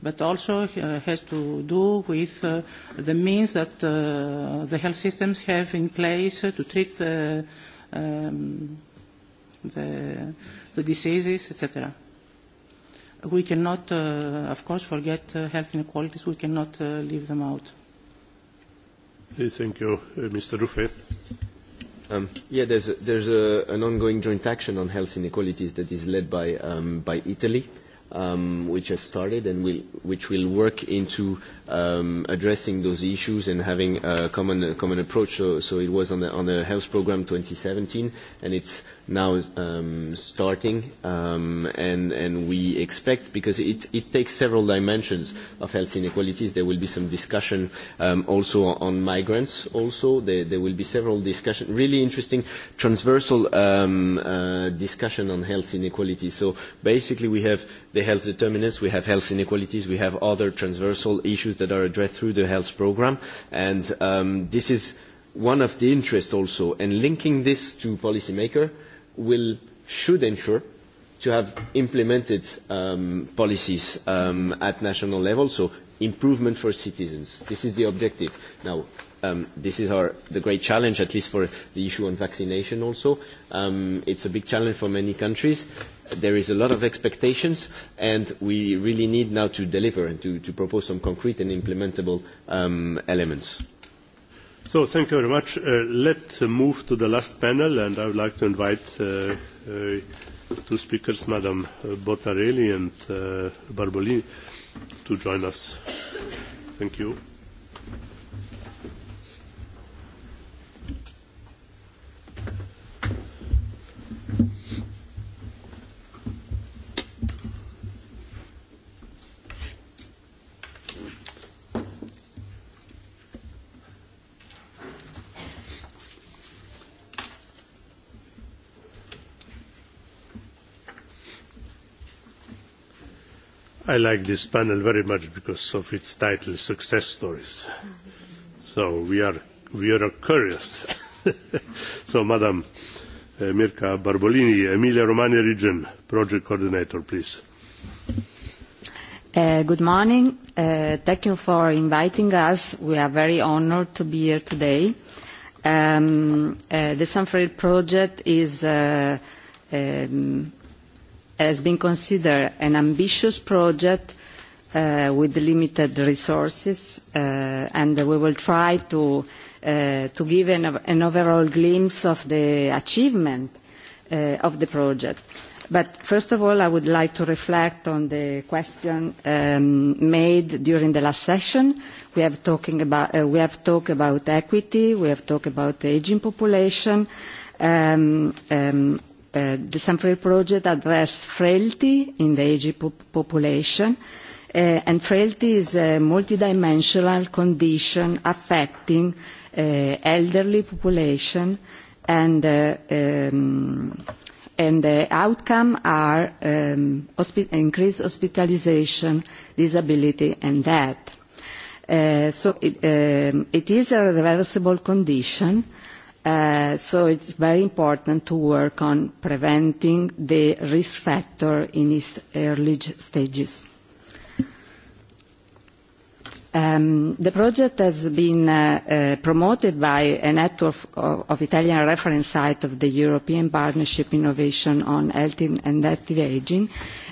C: but also uh, has to do with uh, the means that uh, the health systems have in place to treat the, um, the, the diseases, etc. We cannot, of course, forget health inequalities. We cannot leave them out.
B: Thank you. Mr. Ruffet. Um, yeah, there's, a, there's a,
E: an ongoing joint action on health inequalities that is led by, um, by Italy um, which has started and will, which will work into um, addressing those issues and having a common, a common approach. So, so it was on the, on the health program 2017, and it's now um, starting, um, and, and we expect, because it, it takes several dimensions of health inequalities, there will be some discussion um, also on migrants also. There, there will be several discussion, really interesting transversal um, uh, discussion on health inequalities. So basically we have the health determinants, we have health inequalities, we have other transversal issues that are addressed through the health programme and um, this is one of the interests also and linking this to Policymaker will should ensure to have implemented um, policies um, at national level, so improvement for citizens. This is the objective. Now, um, this is our, the great challenge, at least for the issue on vaccination also. Um, it's a big challenge for many countries there is a lot of expectations and we really need now to deliver and to, propose some concrete and implementable um, elements.
B: So thank you very much. Uh, let's uh, move to the last panel and I would like to invite uh, two speakers, Madam Bottarelli and Barbolini, to join us. Thank you. I like this panel very much because of its title Success Stories. So we are we are curious. so Madam uh, Mirka Barbolini, Emilia Romagna region, project coordinator, please.
I: Uh, good morning. Uh, thank you for inviting us. We are very honored to be here today. Um, the Sanfrail project is um, has been considered an ambitious project uh, with limited resources uh, and we will try to, uh, to give an, an overall glimpse of the achievement uh, of the project. But first of all, I would like to reflect on the question um, made during the last session. We have, talking about, we have talked about equity, we have talked about the aging population, um, um, Eh, the Sanfrail project addresses frailty in the aging population, uh, and frailty is a multidimensional condition affecting uh, elderly population, and, um, and the outcome are um, hospi increased hospitalization, disability, and death. So it, um, it is a reversible condition, So uh, so it's very important to work on preventing the risk factor in its early stages. Um, the project has been uh, uh, promoted by a network of, of Italian reference sites of the European Partnership Innovation on Health and Active Aging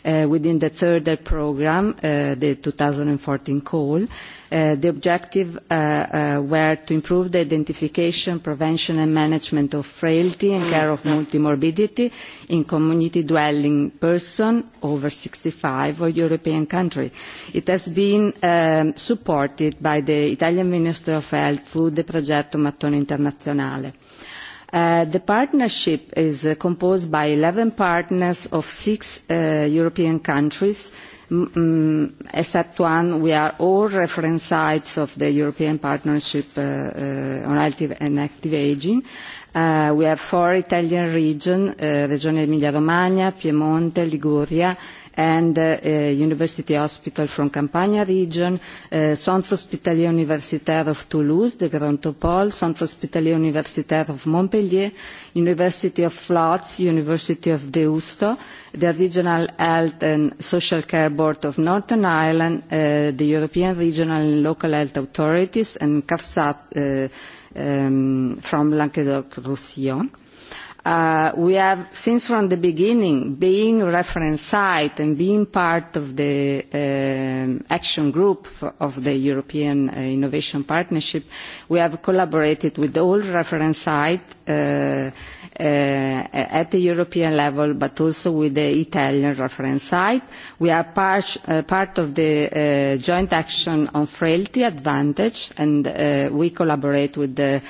I: Uh, within the third program, uh, the 2014 call. Uh, the objective uh, were to improve the identification, prevention and management of frailty and care of multimorbidity in community-dwelling person over 65 or European country. It has been um, supported by the Italian Ministry of Health through the Progetto Mattone Internazionale. Uh, the partnership is uh, composed by 11 partners of six uh, European countries. Mm, except one, we are all reference sites of the European Partnership on Active and Active Aging. We have four Italian regions, Regione Emilia-Romagna, Piemonte, Liguria, and uh, University Hospital from Campania region, uh, Centre Hospitalier Universitaire of Toulouse, the Grand Topol, Centre Hospitalier Universitaire of Montpellier, University of Flots, University of Deusto, the Regional Health and Social Care Board of Northern Ireland, uh, the European Regional and Local Health Authorities, and CARSAT uh, um, from Languedoc-Roussillon. Uh, we have since from the beginning being a reference site and being part of the um, action group of the European uh, Innovation Partnership, we have collaborated with all reference sites uh, at the European level, but also with the Italian reference site. We are part, part of the joint action on frailty advantage, and we collaborate with the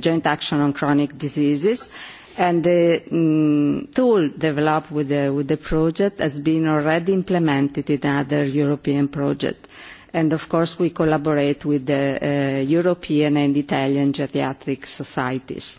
I: joint action on chronic diseases and the mm, tool developed with the, with the project has been already implemented in other European projects. And of course, we collaborate with the uh, European and Italian geriatric societies.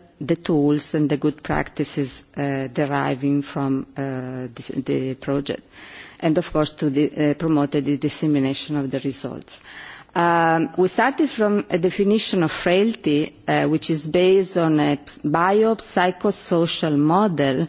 I: the tools and the good practices uh, deriving from uh, this, the project and of course to the, uh, promote the dissemination of the results. Um, we started from a definition of frailty uh, which is based on a biopsychosocial model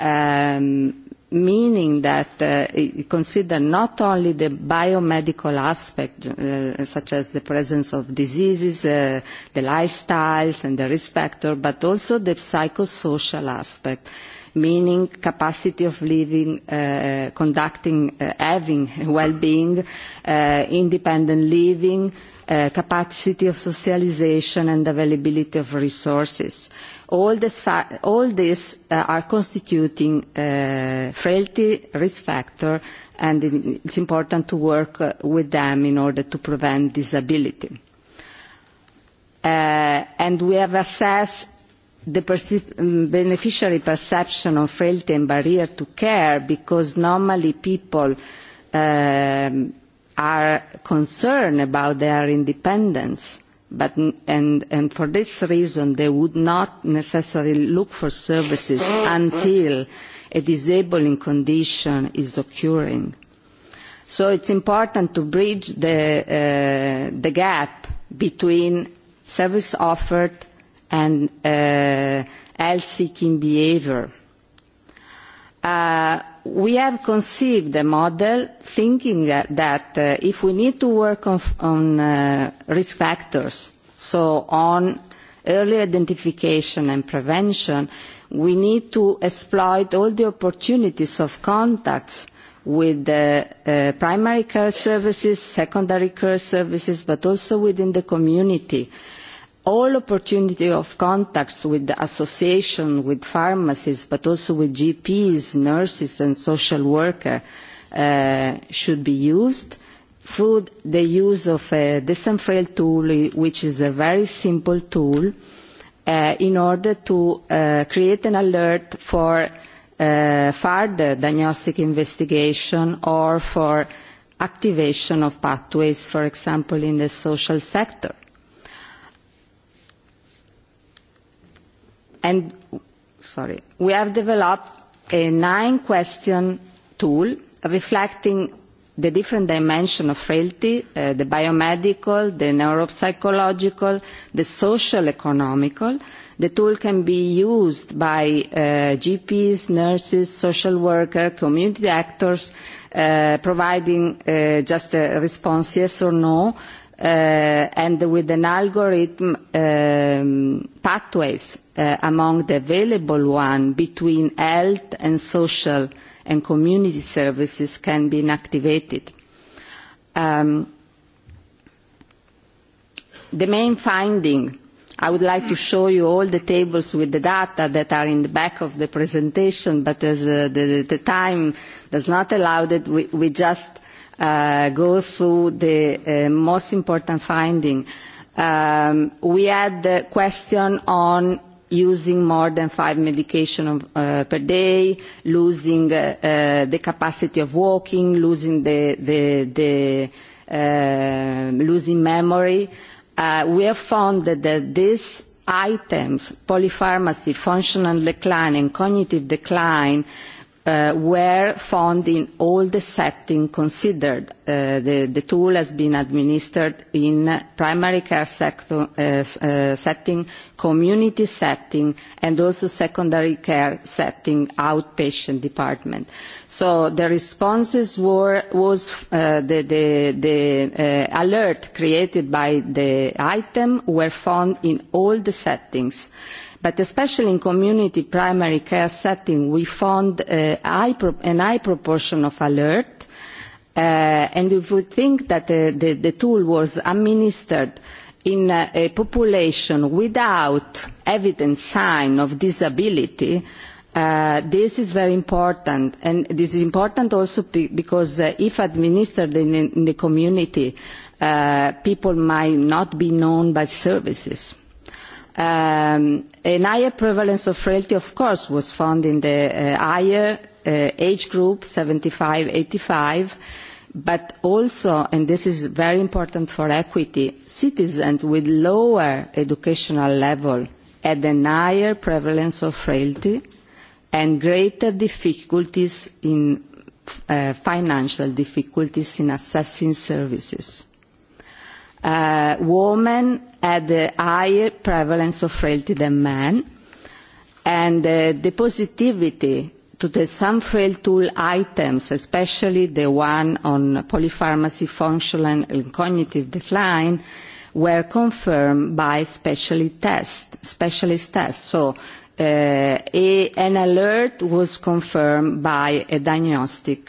I: um, meaning that uh, it consider not only the biomedical aspect, uh, such as the presence of diseases, uh, the lifestyles and the risk factor, but also the psychosocial aspect, meaning capacity of living, uh, conducting, uh, having well-being, uh, independent living, Uh, capacity of socialization and availability of resources. All, this all these uh, are constituting uh, frailty risk factor and it's important to work uh, with them in order to prevent disability. and we have assessed the mm, beneficiary perception of frailty and barrier to care because normally people um, are concerned about their independence but and and for this reason they would not necessarily look for services until a disabling condition is occurring so it's important to bridge the uh, the gap between service offered and uh, health seeking behavior uh, we have conceived a model thinking that uh, if we need to work on, uh, risk factors, so on early identification and prevention, we need to exploit all the opportunities of contacts with the uh, primary care services, secondary care services, but also within the community all opportunity of contacts with the association, with pharmacists, but also with GPs, nurses and social workers uh, should be used. Through the use of a disenfrail tool, which is a very simple tool, uh, in order to uh, create an alert for further diagnostic investigation or for activation of pathways, for example, in the social sector and sorry, we have developed a nine question tool reflecting the different dimensions of frailty, uh, the biomedical, the neuropsychological, the social economical. The tool can be used by uh, GPs, nurses, social workers, community actors, uh, providing just a response yes or no Uh, and with an algorithm um, pathways uh, among the available one between health and social and community services can be inactivated. Um, the main finding, I would like to show you all the tables with the data that are in the back of the presentation, but as uh, the, the time does not allow that, we, we just uh, go through the uh, most important finding. Um, we had the question on using more than five medications uh, per day, losing uh, the capacity of walking, losing the, the, losing memory. We have found that these items, polypharmacy, functional decline and cognitive decline, Uh, were found in all the settings considered. Uh, the, tool has been administered in primary care sector, uh, setting, community setting, and also secondary care setting, outpatient department. So the responses were, was the, the alert created by the item were found in all the settings but especially in community primary care setting we found a high an high proportion of alert uh, and if we think that the, the, tool was administered in a, population without evident sign of disability uh, this is very important and this is important also because uh, if administered in, the community people might not be known by services Um, an higher prevalence of frailty, of course, was found in the uh, higher uh, age group, 75, 85, but also, and this is very important for equity, citizens with lower educational level had a higher prevalence of frailty and greater difficulties in uh, financial difficulties in accessing services uh, women had a higher prevalence of frailty than men, and uh, the positivity to the some frail tool items, especially the one on polypharmacy functional and cognitive decline, were confirmed by specialist tests. Specialist tests. So uh, a, an alert was confirmed by a diagnostic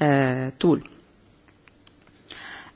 I: uh, tool.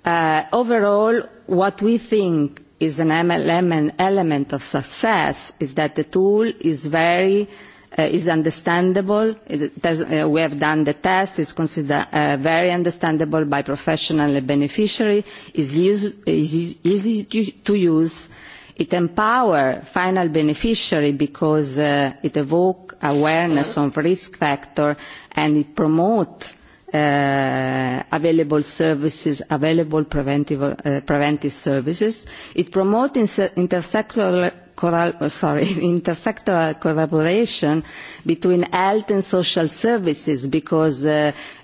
I: Uh, overall, what we think is an element of success is that the tool is very uh, is understandable. Uh, we have done the test. is considered very understandable by professional beneficiary. is is e-, easy to, use. It empowers final beneficiary because it evokes awareness of risk factor and it promotes Uh, available services, available preventive, uh, preventive services. It promotes intersectoral uh, sorry, intersectoral collaboration between health and social services because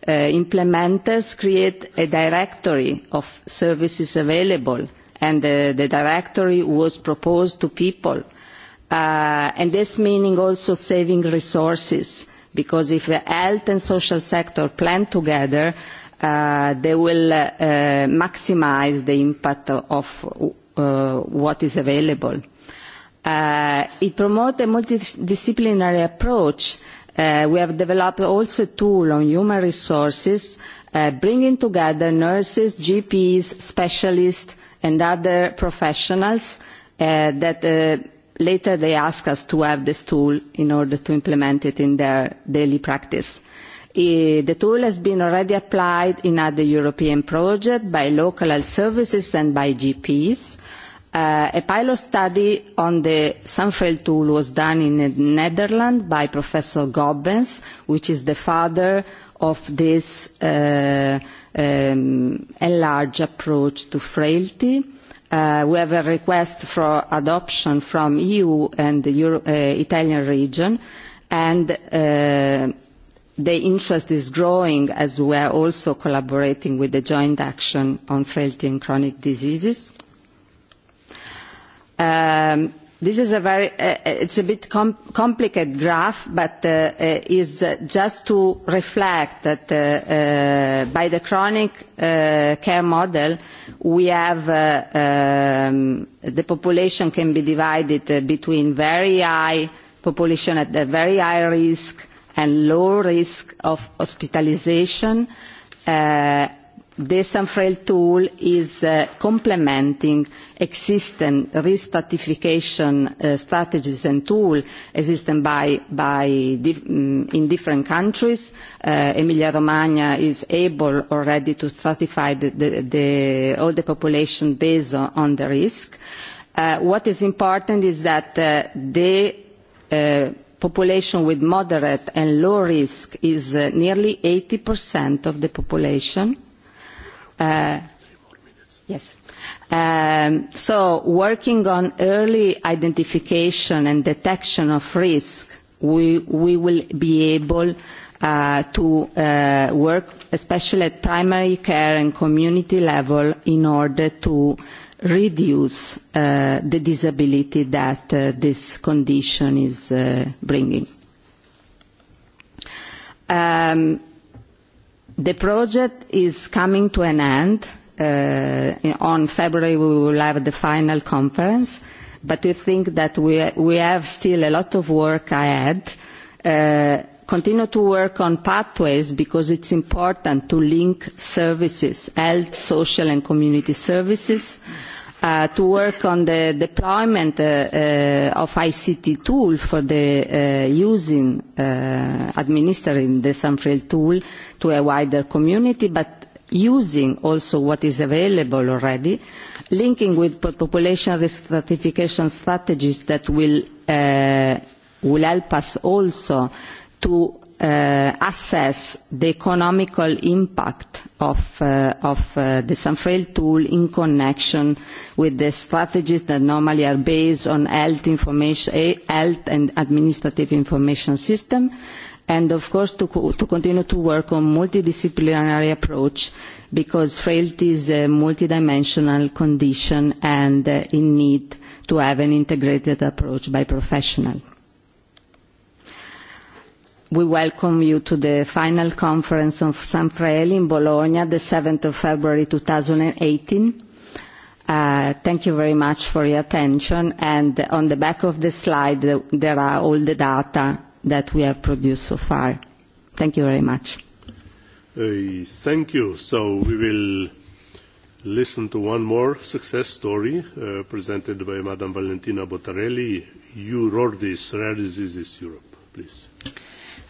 I: implementers create a directory of services available and the directory was proposed to people. and this meaning also saving resources because if the health and social sector plan together uh, they will uh, maximize the impact of uh, what is available uh, it promotes a multidisciplinary approach we have developed also a tool on human resources bringing together nurses gps specialists and other professionals that later they ask us to have this tool in order to implement it in their daily practice. the tool has been already applied in other European projects by local health services and by GPs. Uh, a pilot study on the Sanfrail tool was done in the Netherlands by Professor Gobbens, which is the father of this uh, um, enlarged approach to frailty. Uh, we have a request for adoption from EU and the uh, Italian region, and uh, the interest is growing as we are also collaborating with the Joint Action on Frailty and Chronic Diseases. Um, This is a very, uh, uh it's a bit complicated graph, but uh, uh is uh, just to reflect that by the chronic care model, we have um, the population can be divided between very high population at a very high risk and low risk of hospitalization, this Frail tool is uh, complementing existing risk stratification uh, strategies and tools existing mm, in different countries. Uh, Emilia Romagna is able already to stratify all the population based on the risk. What is important is that the population with moderate and low risk is nearly 80% of the population Uh, um, so working on early identification and detection of risk, we, we will be able uh, to uh, work, especially at primary care and community level, in order to reduce the disability that this condition is bringing. Um, The project is coming to an end. Uh, on February we will have the final conference, but we think that we, have still a lot of work ahead. Uh, continue to work on pathways because it's important to link services, health, social and community services. Uh, to work on the deployment uh, uh, of ICT tool for the using, administering the Sanfrail tool to a wider community, but using also what is available already, linking with population risk stratification strategies that will, will help us also to Uh, assess the economical impact of, the uh, of uh, the tool in connection with the strategies that normally are based on health, information, eh, health and administrative information system, and of course to, continue to work on multidisciplinary approach because frailty is a multidimensional condition and uh, in need to have an integrated approach by professionals we welcome you to the final conference of San in Bologna, the 7th of February 2018. Uh, thank you very much for your attention. And on the back of the slide, there are all the data that we have produced so far. Thank you very much.
B: Uh, thank you. So we will listen to one more success story uh, presented by Madam Valentina Bottarelli, this Rare Diseases Europe. Please.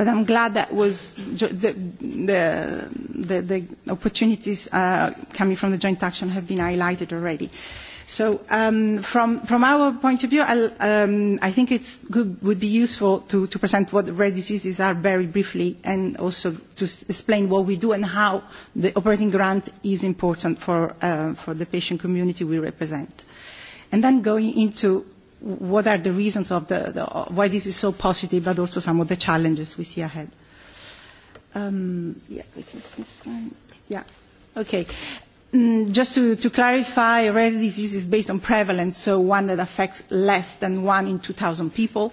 J: but I'm glad that was the, the, the, the opportunities uh, coming from the joint action have been highlighted already. So um, from, from our point of view, um, I think it would be useful to, to present what rare diseases are very briefly and also to explain what we do and how the operating grant is important for, uh, for the patient community we represent. And then going into what are the reasons of the, the why this is so positive, but also some of the challenges we see ahead. Um, yeah, this is this one. Yeah. Okay. Mm, just to, to clarify, rare disease is based on prevalence, so one that affects less than one in 2,000 people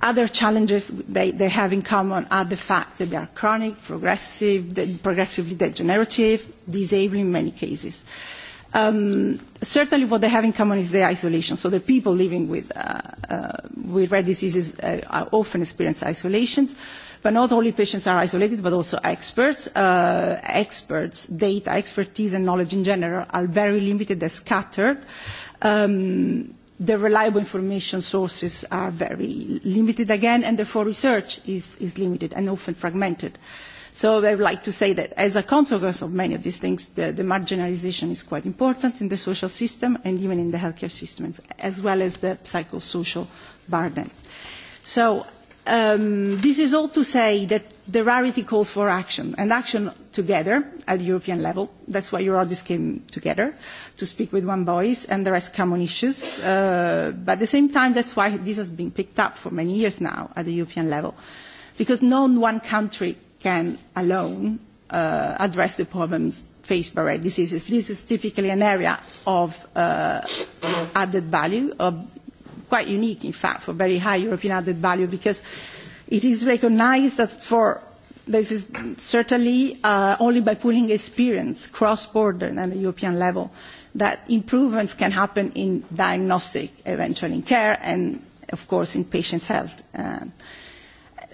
J: other challenges they, they have in common are the fact that they are chronic, progressive, progressively degenerative, disabling in many cases. Um, certainly what they have in common is their isolation. So the people living with, uh, uh, with rare diseases uh, are often experience isolation. But not only patients are isolated, but also experts. Uh, experts, data, expertise, and knowledge in general are very limited they're scattered. Um, the reliable information sources are very limited again, and therefore research is, is limited and often fragmented. So I would like to say that as a consequence of many of these things, the, the marginalization is quite important in the social system and even in the healthcare system, as well as the psychosocial burden. So um, this is all to say that the rarity calls for action, and action together at the European level. That's why Eurodis came together to speak with one voice and the rest common issues. Uh, but at the same time, that's why this has been picked up for many years now at the European level, because no one country can alone uh, address the problems faced by rare diseases. This is typically an area of uh, added value, of quite unique, in fact, for very high European added value, because it is recognized that for this is certainly uh, only by pulling experience cross-border and at the European level that improvements can happen in diagnostic eventually in care and of course in patient health. Um,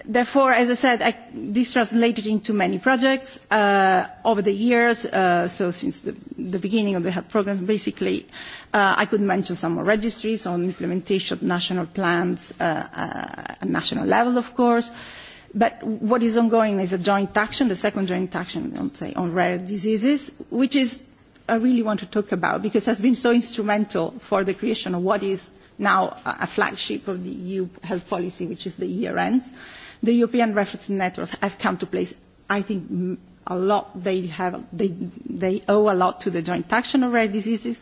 J: therefore, as I said, I, this translated into many projects uh, over the years. Uh, so since the, the beginning of the health program, basically, uh, I could mention some more registries on implementation of national plans at national level, of course. But what is ongoing is a joint action, the second joint action, I say, on rare diseases, which is i really want to talk about because it has been so instrumental for the creation of what is now a flagship of the EU health policy, which is the ERNs. The European reference networks have come to place, I think, a lot. They, have, they, they owe a lot to the joint action of rare diseases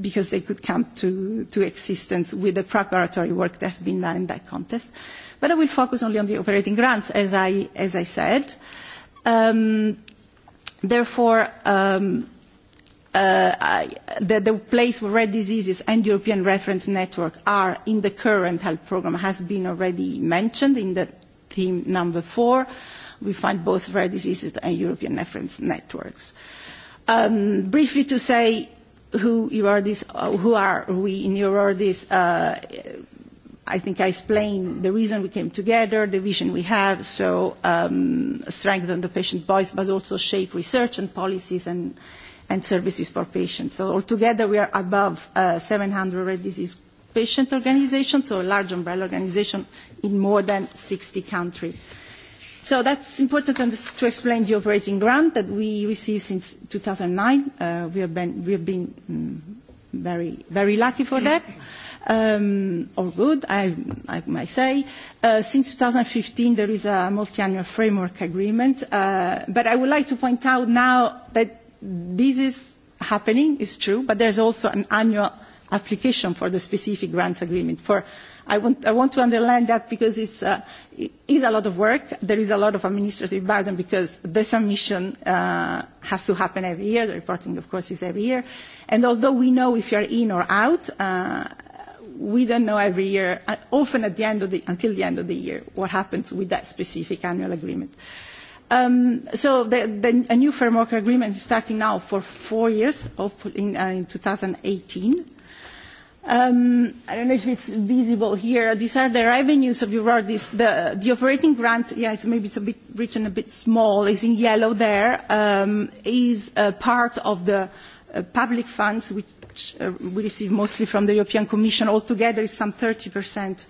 J: because they could come to, to existence with the preparatory work that's been done in that context. But I will focus only on the operating grants, as I, as I said. Um, therefore, um, Uh, the, the place where rare diseases and European reference network are in the current health program has been already mentioned in the theme number four. We find both rare diseases and European reference networks. Um, briefly to say who you are this, uh, who are we in Eurordis, uh, I think I explained the reason we came together, the vision we have, so um, strengthen the patient voice, but also shape research and policies and and services for patients. So altogether we are above 700 uh, rare disease patient organizations, so a large umbrella organization in more than 60 countries. So that's important to explain the operating grant that we received since 2009. Uh, we have been, we have been mm, very, very lucky for that. or um, good, I, might say. Uh, since 2015, there is a multi-annual framework agreement. but I would like to point out now that this is happening is true but there's also an annual application for the specific grant agreement for i want, I want to underline that because it's, uh, it is a lot of work. There is a lot of administrative burden because the submission uh, has to happen every year. The reporting, of course, is every year. And although we know if you're in or out, uh, we don't know every year, uh, often at the end of the, until the end of the year, what happens with that specific annual agreement. Uh, Um, so the, the, a new framework agreement is starting now for four years, hopefully in, 2018. Uh, um, I don't know if it's visible here. Uh, these are the revenues of Euror. the, operating grant, yeah, it's, maybe it's a bit written a bit small, is in yellow there, um, is a part of the uh, public funds which we receive mostly from the European Commission. Altogether is some 30%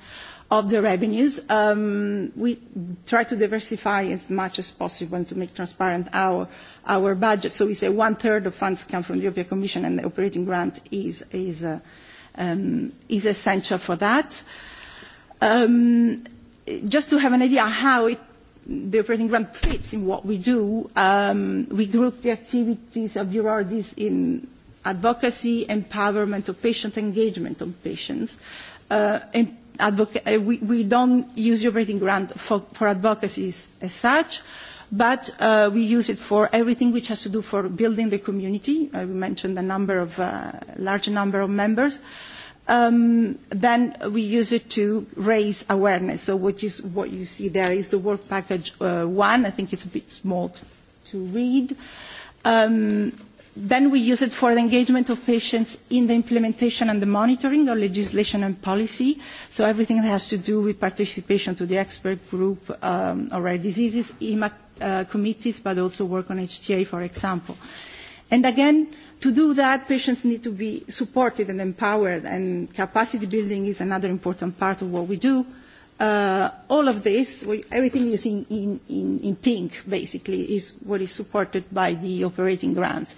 J: of the revenues. Um, we try to diversify as much as possible and to make transparent our, our budget. So we say one-third of funds come from the European Commission and the operating grant is, is, uh, um, essential for that. Um, just to have an idea how the operating grant fits in what we do, we group the activities of URDs in advocacy, empowerment of patient engagement of patients, uh, Eh, we, we don't use the operating grant for, for advocacy as such, but uh, we use it for everything which has to do for building the community. I uh, mentioned the number of, uh, large number of members. Um, then we use it to raise awareness. So which is, what you see there is the work package uh, one. I think it's a bit small to, to read. Um, Then we use it for the engagement of patients in the implementation and the monitoring of legislation and policy. So everything that has to do with participation to the expert group um, on rare diseases, EMA uh, committees, but also work on HTA, for example. And again, to do that, patients need to be supported and empowered, and capacity building is another important part of what we do Uh, all of this, everything you see in, in, in pink, basically, is what is supported by the operating grant.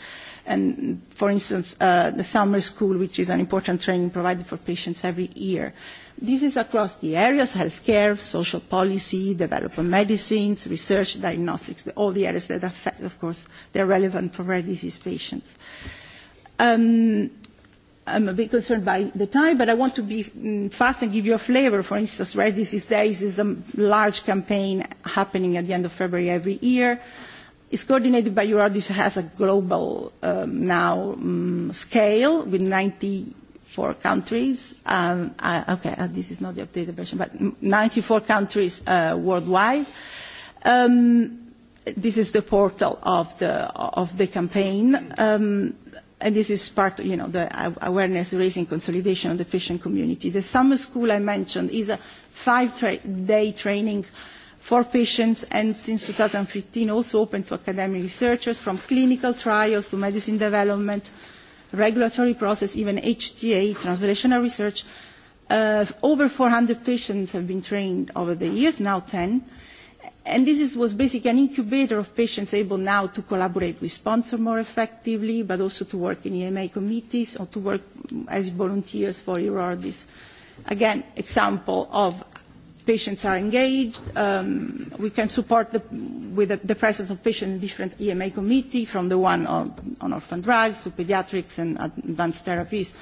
J: And for instance, uh, the summer school, which is an important training provided for patients every year. This is across the areas, healthcare, social policy, development medicines, research, diagnostics, all the areas that affect, of course, they're relevant for rare disease patients. Um, I'm a bit concerned by the time, but I want to be mm, fast and give you a flavor. For instance, Redis Disease Days is a large campaign happening at the end of February every year. It's coordinated by Eurodis, has a global um, now um, scale with 94 countries. Um, uh, okay, uh, this is not the updated version, but 94 countries uh, worldwide. Um, this is the portal of the, of the campaign. Um, and this is part you know the awareness raising consolidation of the patient community the summer school i mentioned is a five day training for patients and since 2015 also open to academic researchers from clinical trials to medicine development regulatory process even hta translational research uh, over 400 patients have been trained over the years now 10 And this was basically an incubator of patients able now to collaborate with sponsors more effectively, but also to work in EMA committees or to work as volunteers for EURORDIS. Again, example of patients are engaged. Um, we can support the, with the, presence of patients in different EMA committees, from the one on, on orphan drugs to pediatrics and advanced therapies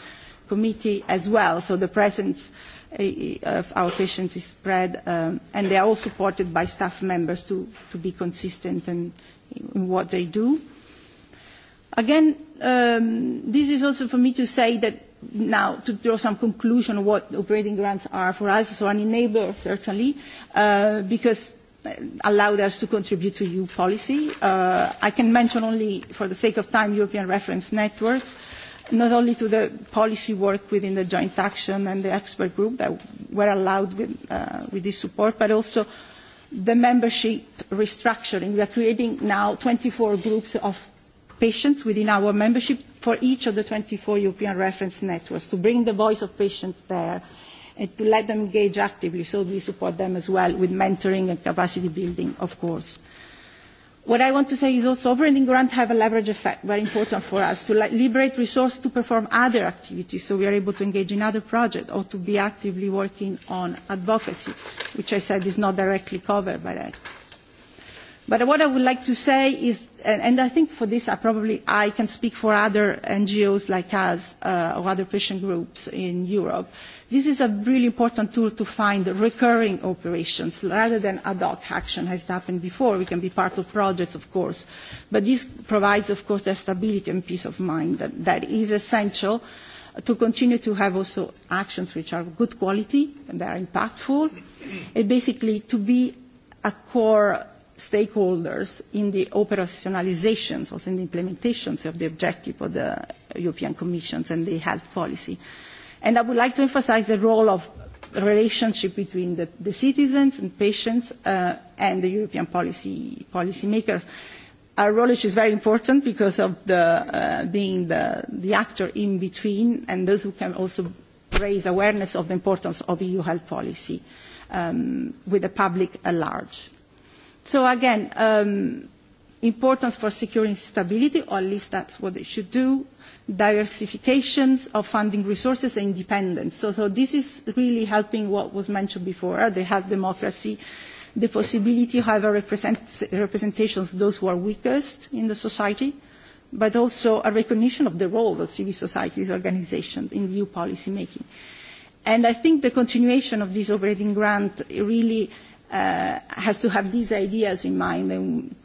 J: committee as well. So the presence of our patients is spread um, and they are all supported by staff members to, to be consistent in, in what they do. Again, um, this is also for me to say that now to draw some conclusion on what operating grants are for us, so an enabler certainly, uh, because allowed us to contribute to EU policy. Uh, I can mention only, for the sake of time, European reference networks not only to the policy work within the joint action and the expert group that were allowed with, uh, this support, but also the membership restructuring. We are creating now 24 groups of patients within our membership for each of the 24 European reference networks to bring the voice of patients there and to let them engage actively. So we support them as well with mentoring and capacity building, of course. What I want to say is also overending grants have a leverage effect, very important for us, to liberate resources to perform other activities so we are able to engage in other projects or to be actively working on advocacy, which I said is not directly covered by that. But what I would like to say is, and I think for this I probably I can speak for other NGOs like us uh, or other patient groups in Europe, this is a really important tool to find recurring operations rather than ad hoc action has happened before. We can be part of projects, of course, but this provides, of course, the stability and peace of mind that, that is essential to continue to have also actions which are of good quality and they are impactful, and basically to be a core stakeholders in the operationalizations, also in the implementations of the objective of the European Commission and the health policy. And I would like to emphasize the role of the relationship between the, citizens and patients uh, and the European policy, policy makers. Our role is very important because of the, uh, being the, actor in between and those who can also raise awareness of the importance of EU health policy um, with the public at large. So again, um, importance for securing stability, or at least that's what they should do, diversifications of funding resources and independence. So, so this is really helping what was mentioned before, uh, the health democracy, the possibility of having represent, representations of those who are weakest in the society, but also a recognition of the role of civil society organizations in EU policy making. And I think the continuation of this operating grant really Uh, has to have these ideas in mind and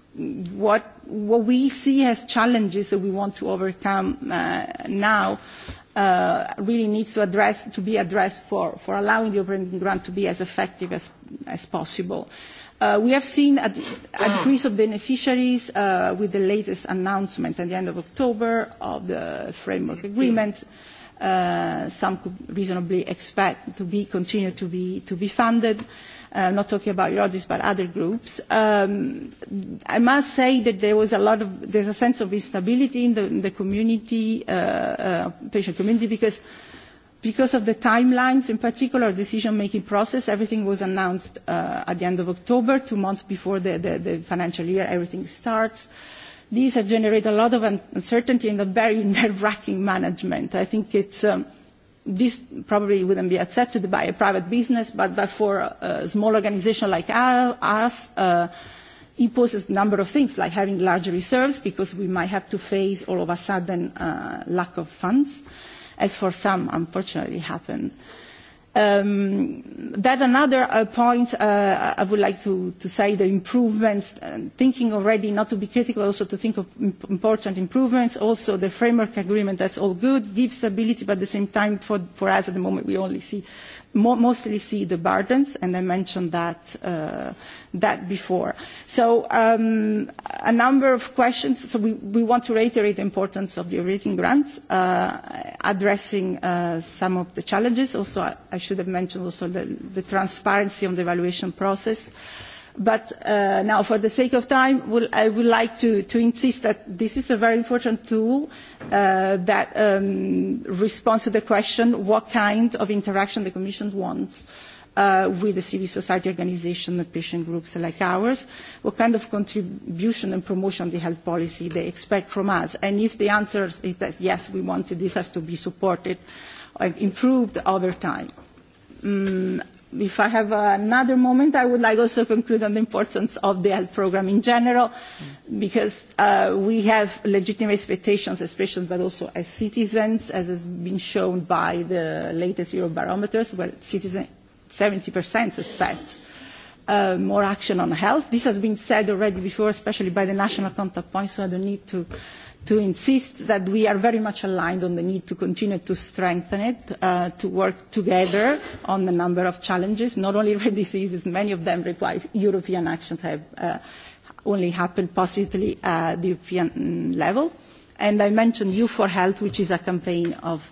J: what what we see as challenges that we want to overcome uh, now uh, really needs to address to be addressed for for allowing the operating grant to be as effective as as possible. Uh, we have seen a, a decrease of beneficiaries uh, with the latest announcement at the end of October of the framework agreement. Uh, some could reasonably expect to be continue to be to be funded. I'm not talking about Rodis, but other groups. Um, I must say that there was a lot of, there's a sense of instability in the, in the community, uh, uh, patient community because because of the timelines, in particular decision-making process, everything was announced uh, at the end of October, two months before the, the, the financial year, everything starts. These have generated a lot of uncertainty and a very nerve-wracking management. I think it's, um, this probably wouldn't be accepted by a private business, but, but for a small organization like us, uh, it poses a number of things, like having large reserves, because we might have to face all of a sudden uh, lack of funds, as for some unfortunately happened. Um, that another uh, point uh, I would like to, say the improvements, uh, thinking already not to be critical, also to think of important improvements. Also the framework agreement, that's all good, gives stability, but at the same time for, us at the moment we only see, mostly see the burdens, and I mentioned that that before. So um, a number of questions. So we, we want to reiterate the importance of the rating grants, uh, addressing uh, some of the challenges. Also, I, I should have mentioned also the, the transparency on the evaluation process. But uh, now, for the sake of time, we'll, I would like to, to insist that this is a very important tool that um, responds to the question what kind of interaction the Commission wants uh, with the civil society organization and patient groups like ours, what kind of contribution and promotion of the health policy they expect from us. And if the answer is that yes, we want this has to be supported and improved over time. Mm, if I have another moment, I would like also to conclude on the importance of the health program in general, because uh, we have legitimate expectations as patients, but also as citizens, as has been shown by the latest Eurobarometers, where citizens 70% as uh, more action on health. This has been said already before, especially by the national contact points, so I don't need to, insist that we are very much aligned on the need to continue to strengthen it, uh, to work together on the number of challenges, not only rare diseases, many of them require European actions have uh, only happened positively at the European mm, level. And I mentioned You for Health, which is a campaign of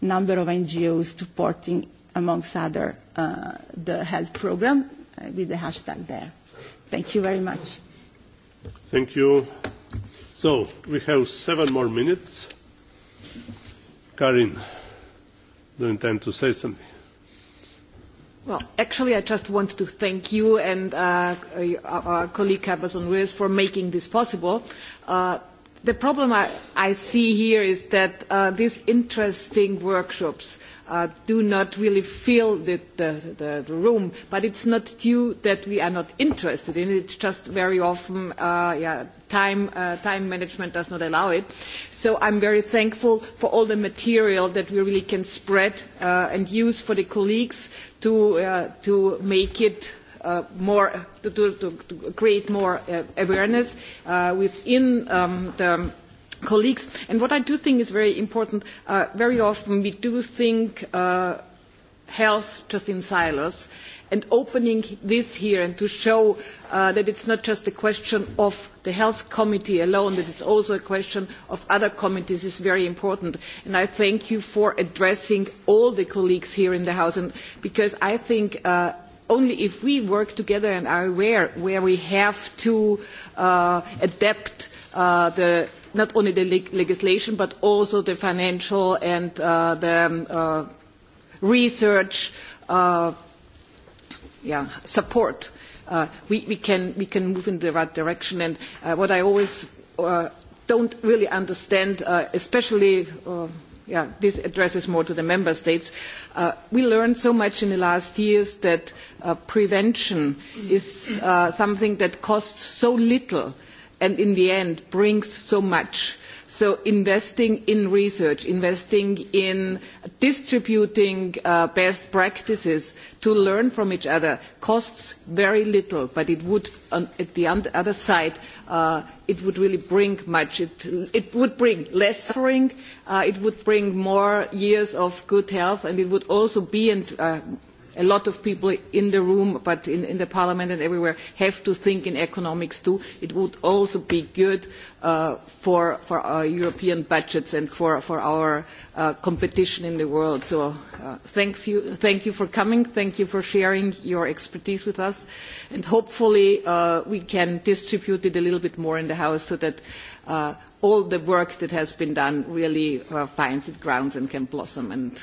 J: number of NGOs supporting amongst other, uh, the health program uh, with the hashtag there. Thank you very much.
B: Thank you. So we have seven more minutes. Karin, do you intend to say something?
K: Well, actually, I just want to thank you and uh, uh our colleague Cabazon Ruiz for making this possible. Uh, the problem I, I see here is that uh, these interesting workshops Uh, do not really fill the, the, room. But it's not due that we are not interested in it. It's just very often uh, uh, time, management does not allow it. So I'm very thankful for all the material that we really can spread and use for the colleagues to, make it more to, to, create more awareness within um, the colleagues. And what I do think is very important, uh, very often we do think uh, health just in silos and opening this here and to show uh, that it's not just a question of the health committee alone that it's also a question of other committees is very important and i thank you for addressing all the colleagues here in the house and because i think uh, only if we work together and are aware where we have to uh, adapt the not only the legislation but also the financial and uh, the um, uh, research uh, support. We, can, move in the right direction. And what I always don't really understand, especially this addresses more to the member states. we learned so much in the last years that prevention is something that costs so little and in the end brings so much so investing in research investing in distributing uh, best practices to learn from each other costs very little but it would on, at the other side uh, it would really bring much it, would bring less suffering uh, it would bring more years of good health and it would also be and a lot of people in the room but in, in the parliament and everywhere have to think in economics too. it would also be good uh, for, for our european budgets and for, for our uh, competition in the world. so uh, you, thank you for coming thank you for sharing your expertise with us and hopefully we can distribute it a little bit more in the house so that all the work that has been done really finds its grounds and can blossom and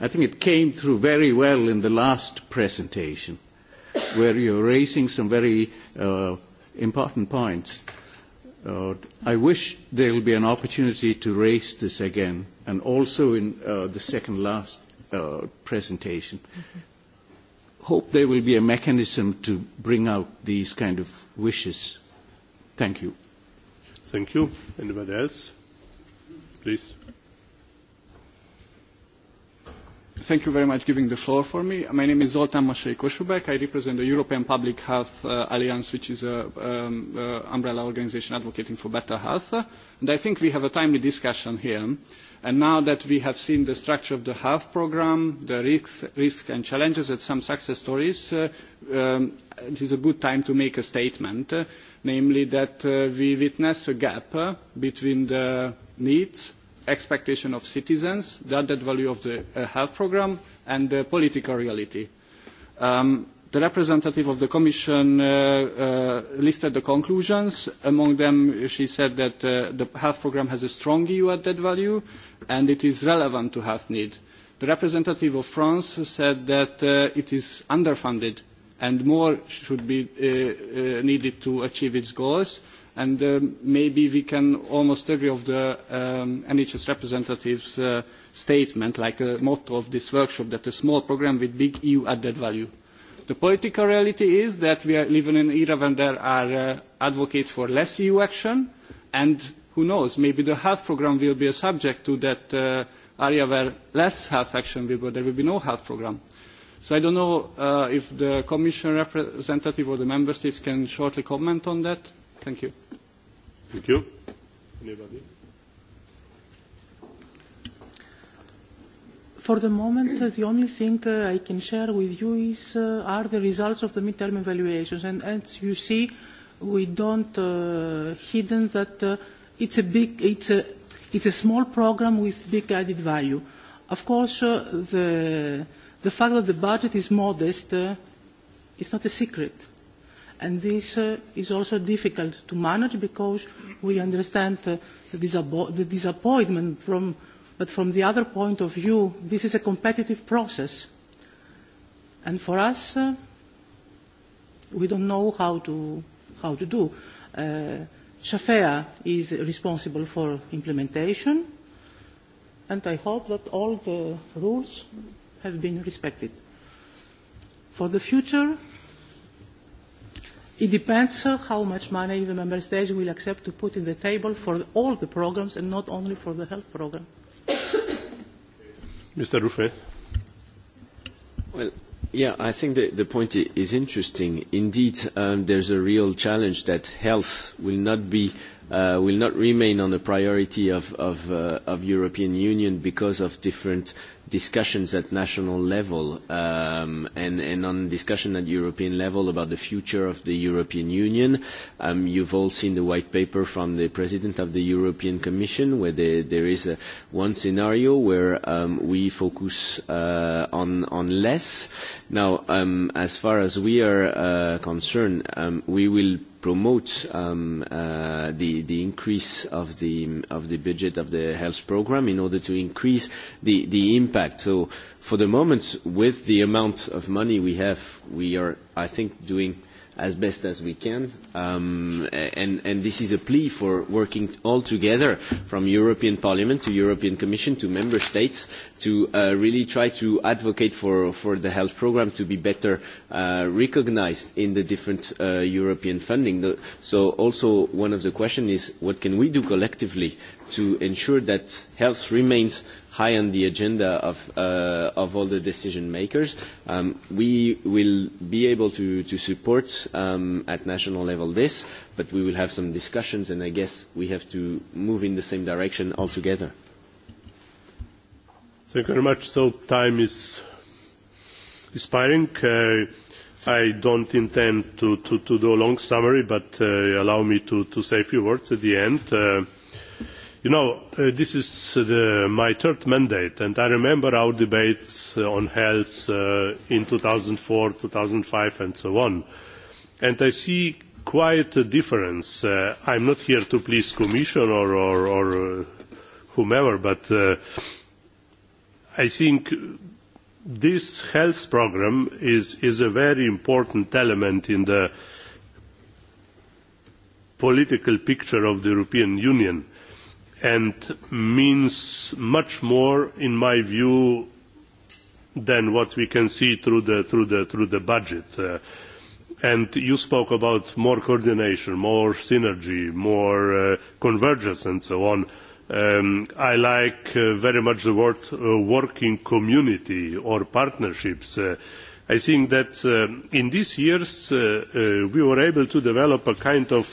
G: I think it came through very well in the last presentation, where you're raising some very uh, important points. Uh, I wish there will be an opportunity to raise this again, and also in uh, the second last uh, presentation. Hope there will be a mechanism to bring out these kind of wishes.
H: Thank you.
B: Thank you. Anybody else? Please.
H: Thank you very much for giving the floor for me. My name is Zoltán Masai Kosubek. I represent the European Public Health uh, Alliance, which is an um, uh, umbrella organization advocating for better health. And I think we have a timely discussion here. And now that we have seen the structure of the health program, the risks, risk and challenges and some success stories, uh, um, it is a good time to make a statement, uh, namely that we witness a gap between the needs expectation of citizens, the added value of the uh, health programme and the political reality. Um, the representative of the Commission uh, uh, listed the conclusions. Among them, she said that uh, the health programme has a strong EU added value and it is relevant to health need. The representative of France said that uh, it is underfunded and more should be needed to achieve its goals and uh, maybe we can almost agree of the um, NHS representatives uh, statement, like a motto of this workshop, that a small program with big EU added value. The political reality is that we are living in an era when there are uh, advocates for less EU action, and who knows, maybe the health program will be a subject to that area where less health action will be, but there will be no health program. So I don't know if the Commission representative or the Member States can shortly comment on that. Thank you.
B: Thank you. Anybody?
C: For the moment, the only thing uh, I can share with you is, uh, are the results of the midterm evaluations. And as you see, we don't uh, hidden that uh, it's a big, it's a, it's a small program with big added value. Of course, uh, the, the fact that the budget is modest uh, is not a secret and this uh, is also difficult to manage because we understand uh, the, the disappointment from but from the other point of view this is a competitive process and for us uh, we don't know how to how to do Shafea uh, is responsible for implementation and I hope that all the rules have been respected for the future It depends how much money the member states will accept to put in the table for all the programs and not only for the health program.
B: Mr. Well, yeah,
E: I think the, the point is interesting. Indeed, um, there's a real challenge that health will not be uh, will not remain on the priority of, the uh, of European Union because of different discussions at national level um, and, and on discussion at European level about the future of the European Union. Um, you've all seen the white paper from the President of the European Commission where they, there is a, one scenario where um, we focus uh, on, on less. Now, um, as far as we are uh, concerned, um, we will promote um, uh, the, the increase of the, of the budget of the health program in order to increase the, the impact. So for the moment, with the amount of money we have, we are, I think, doing – as best as we can. Um, and, and this is a plea for working all together from European Parliament to European Commission to Member States to uh, really try to advocate for, for the health programme to be better uh, recognised in the different uh, European funding. So also one of the questions is what can we do collectively to ensure that health remains high on the agenda of, uh, of all the decision makers. Um, we will be able to, to support um, at national level this, but we will have some discussions and I guess we have to move in the same direction altogether.
B: Thank you very much. So time is expiring. Uh, I don't intend to, to, do a long summary, but uh, allow me to, to say a few words at the end. You know, uh, this is uh, my third mandate, and I remember our debates uh, on health in 2004, 2005, and so on. And I see quite a difference. I I'm not here to please Commission or, or, whomever, but I think this health program is, is a very important element in the political picture of the European Union and means much more in my view than what we can see through the budget uh, and you spoke about more coordination more synergy more uh, convergence and so on um, i like uh, very much the word working community or partnerships i think that in these years we were able to develop a kind of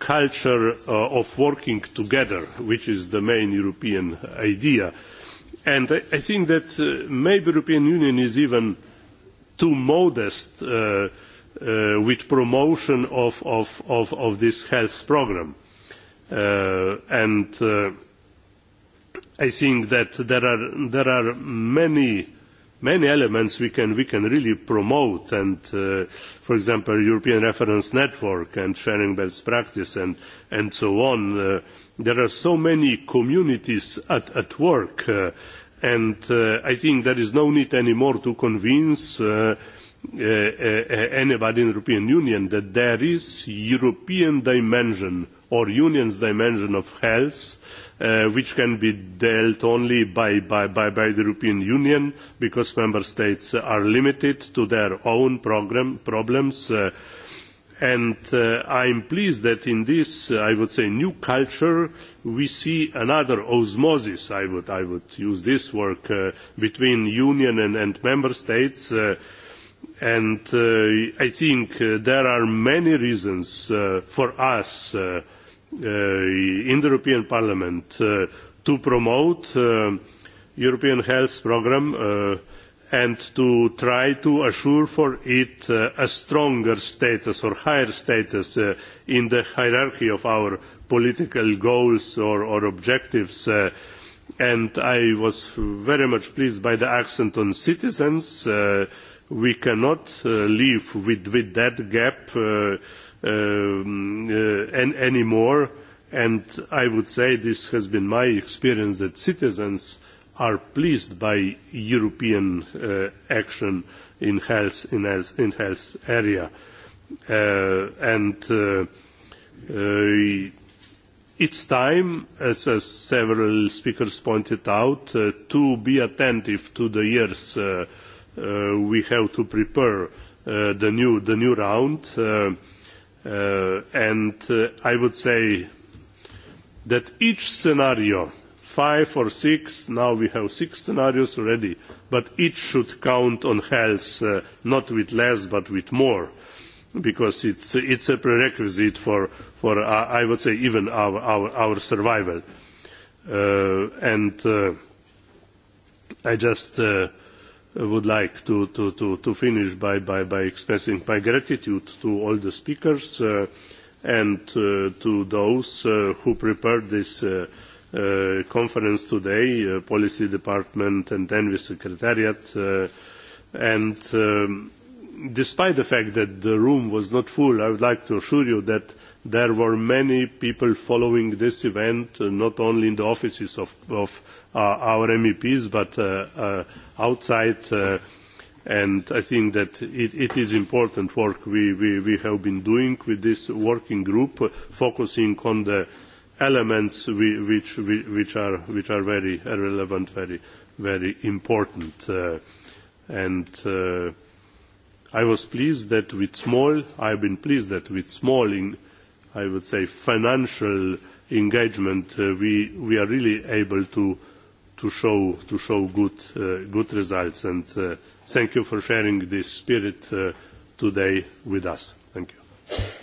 B: culture uh, of working together which is the main european idea and i think that uh, maybe the european union is even too modest uh, with promotion of, this health programme and i think that there are many many elements we can we can really promote and uh, for example european reference network and sharing best practice and so on uh, there are so many communities at at work uh, and i think there is no need anymore to convince anybody in the european union that there is european dimension or unions dimension of health uh, which can be dealt only by, the European Union because member states are limited to their own program, problems uh, and uh, I am pleased that in this I would say new culture we see another osmosis I would, use this work between union and, and member states and I think there are many reasons for us Eh, in the European Parliament eh, to promote the eh, European Health Programme and to try to assure for it a stronger status or higher status in the hierarchy of our political goals or, objectives and I was very much pleased by the accent on citizens. We cannot live with that gap um, uh, and anymore and i would say this has been my experience that citizens are pleased by european uh, action in health in health, area uh, and it's time as, several speakers pointed out to be attentive to the years we have to prepare the new the new round Uh, and uh, I would say that each scenario five or six now we have six scenarios already, but each should count on health uh, not with less but with more, because it's it's a prerequisite for for I would say even our our, our survival. And I just would like to, to, to, to finish by, by, by expressing my gratitude to all the speakers uh, and uh, to those uh, who prepared this conference today, Policy Department and Envy Secretariat. And um, despite the fact that the room was not full, I would like to assure you that there were many people following this event, not only in the offices of our MEPs, but outside uh, and I think that it, it is important work we, we, we have been doing with this working group, focusing on the elements which, which, are, which are very relevant, very, very important. Uh, and uh, I was pleased that with small, have been pleased that with small, in, I would say, financial engagement, we, we are really able to to show to show good uh, good results and uh, thank you for sharing this spirit uh, today with us thank you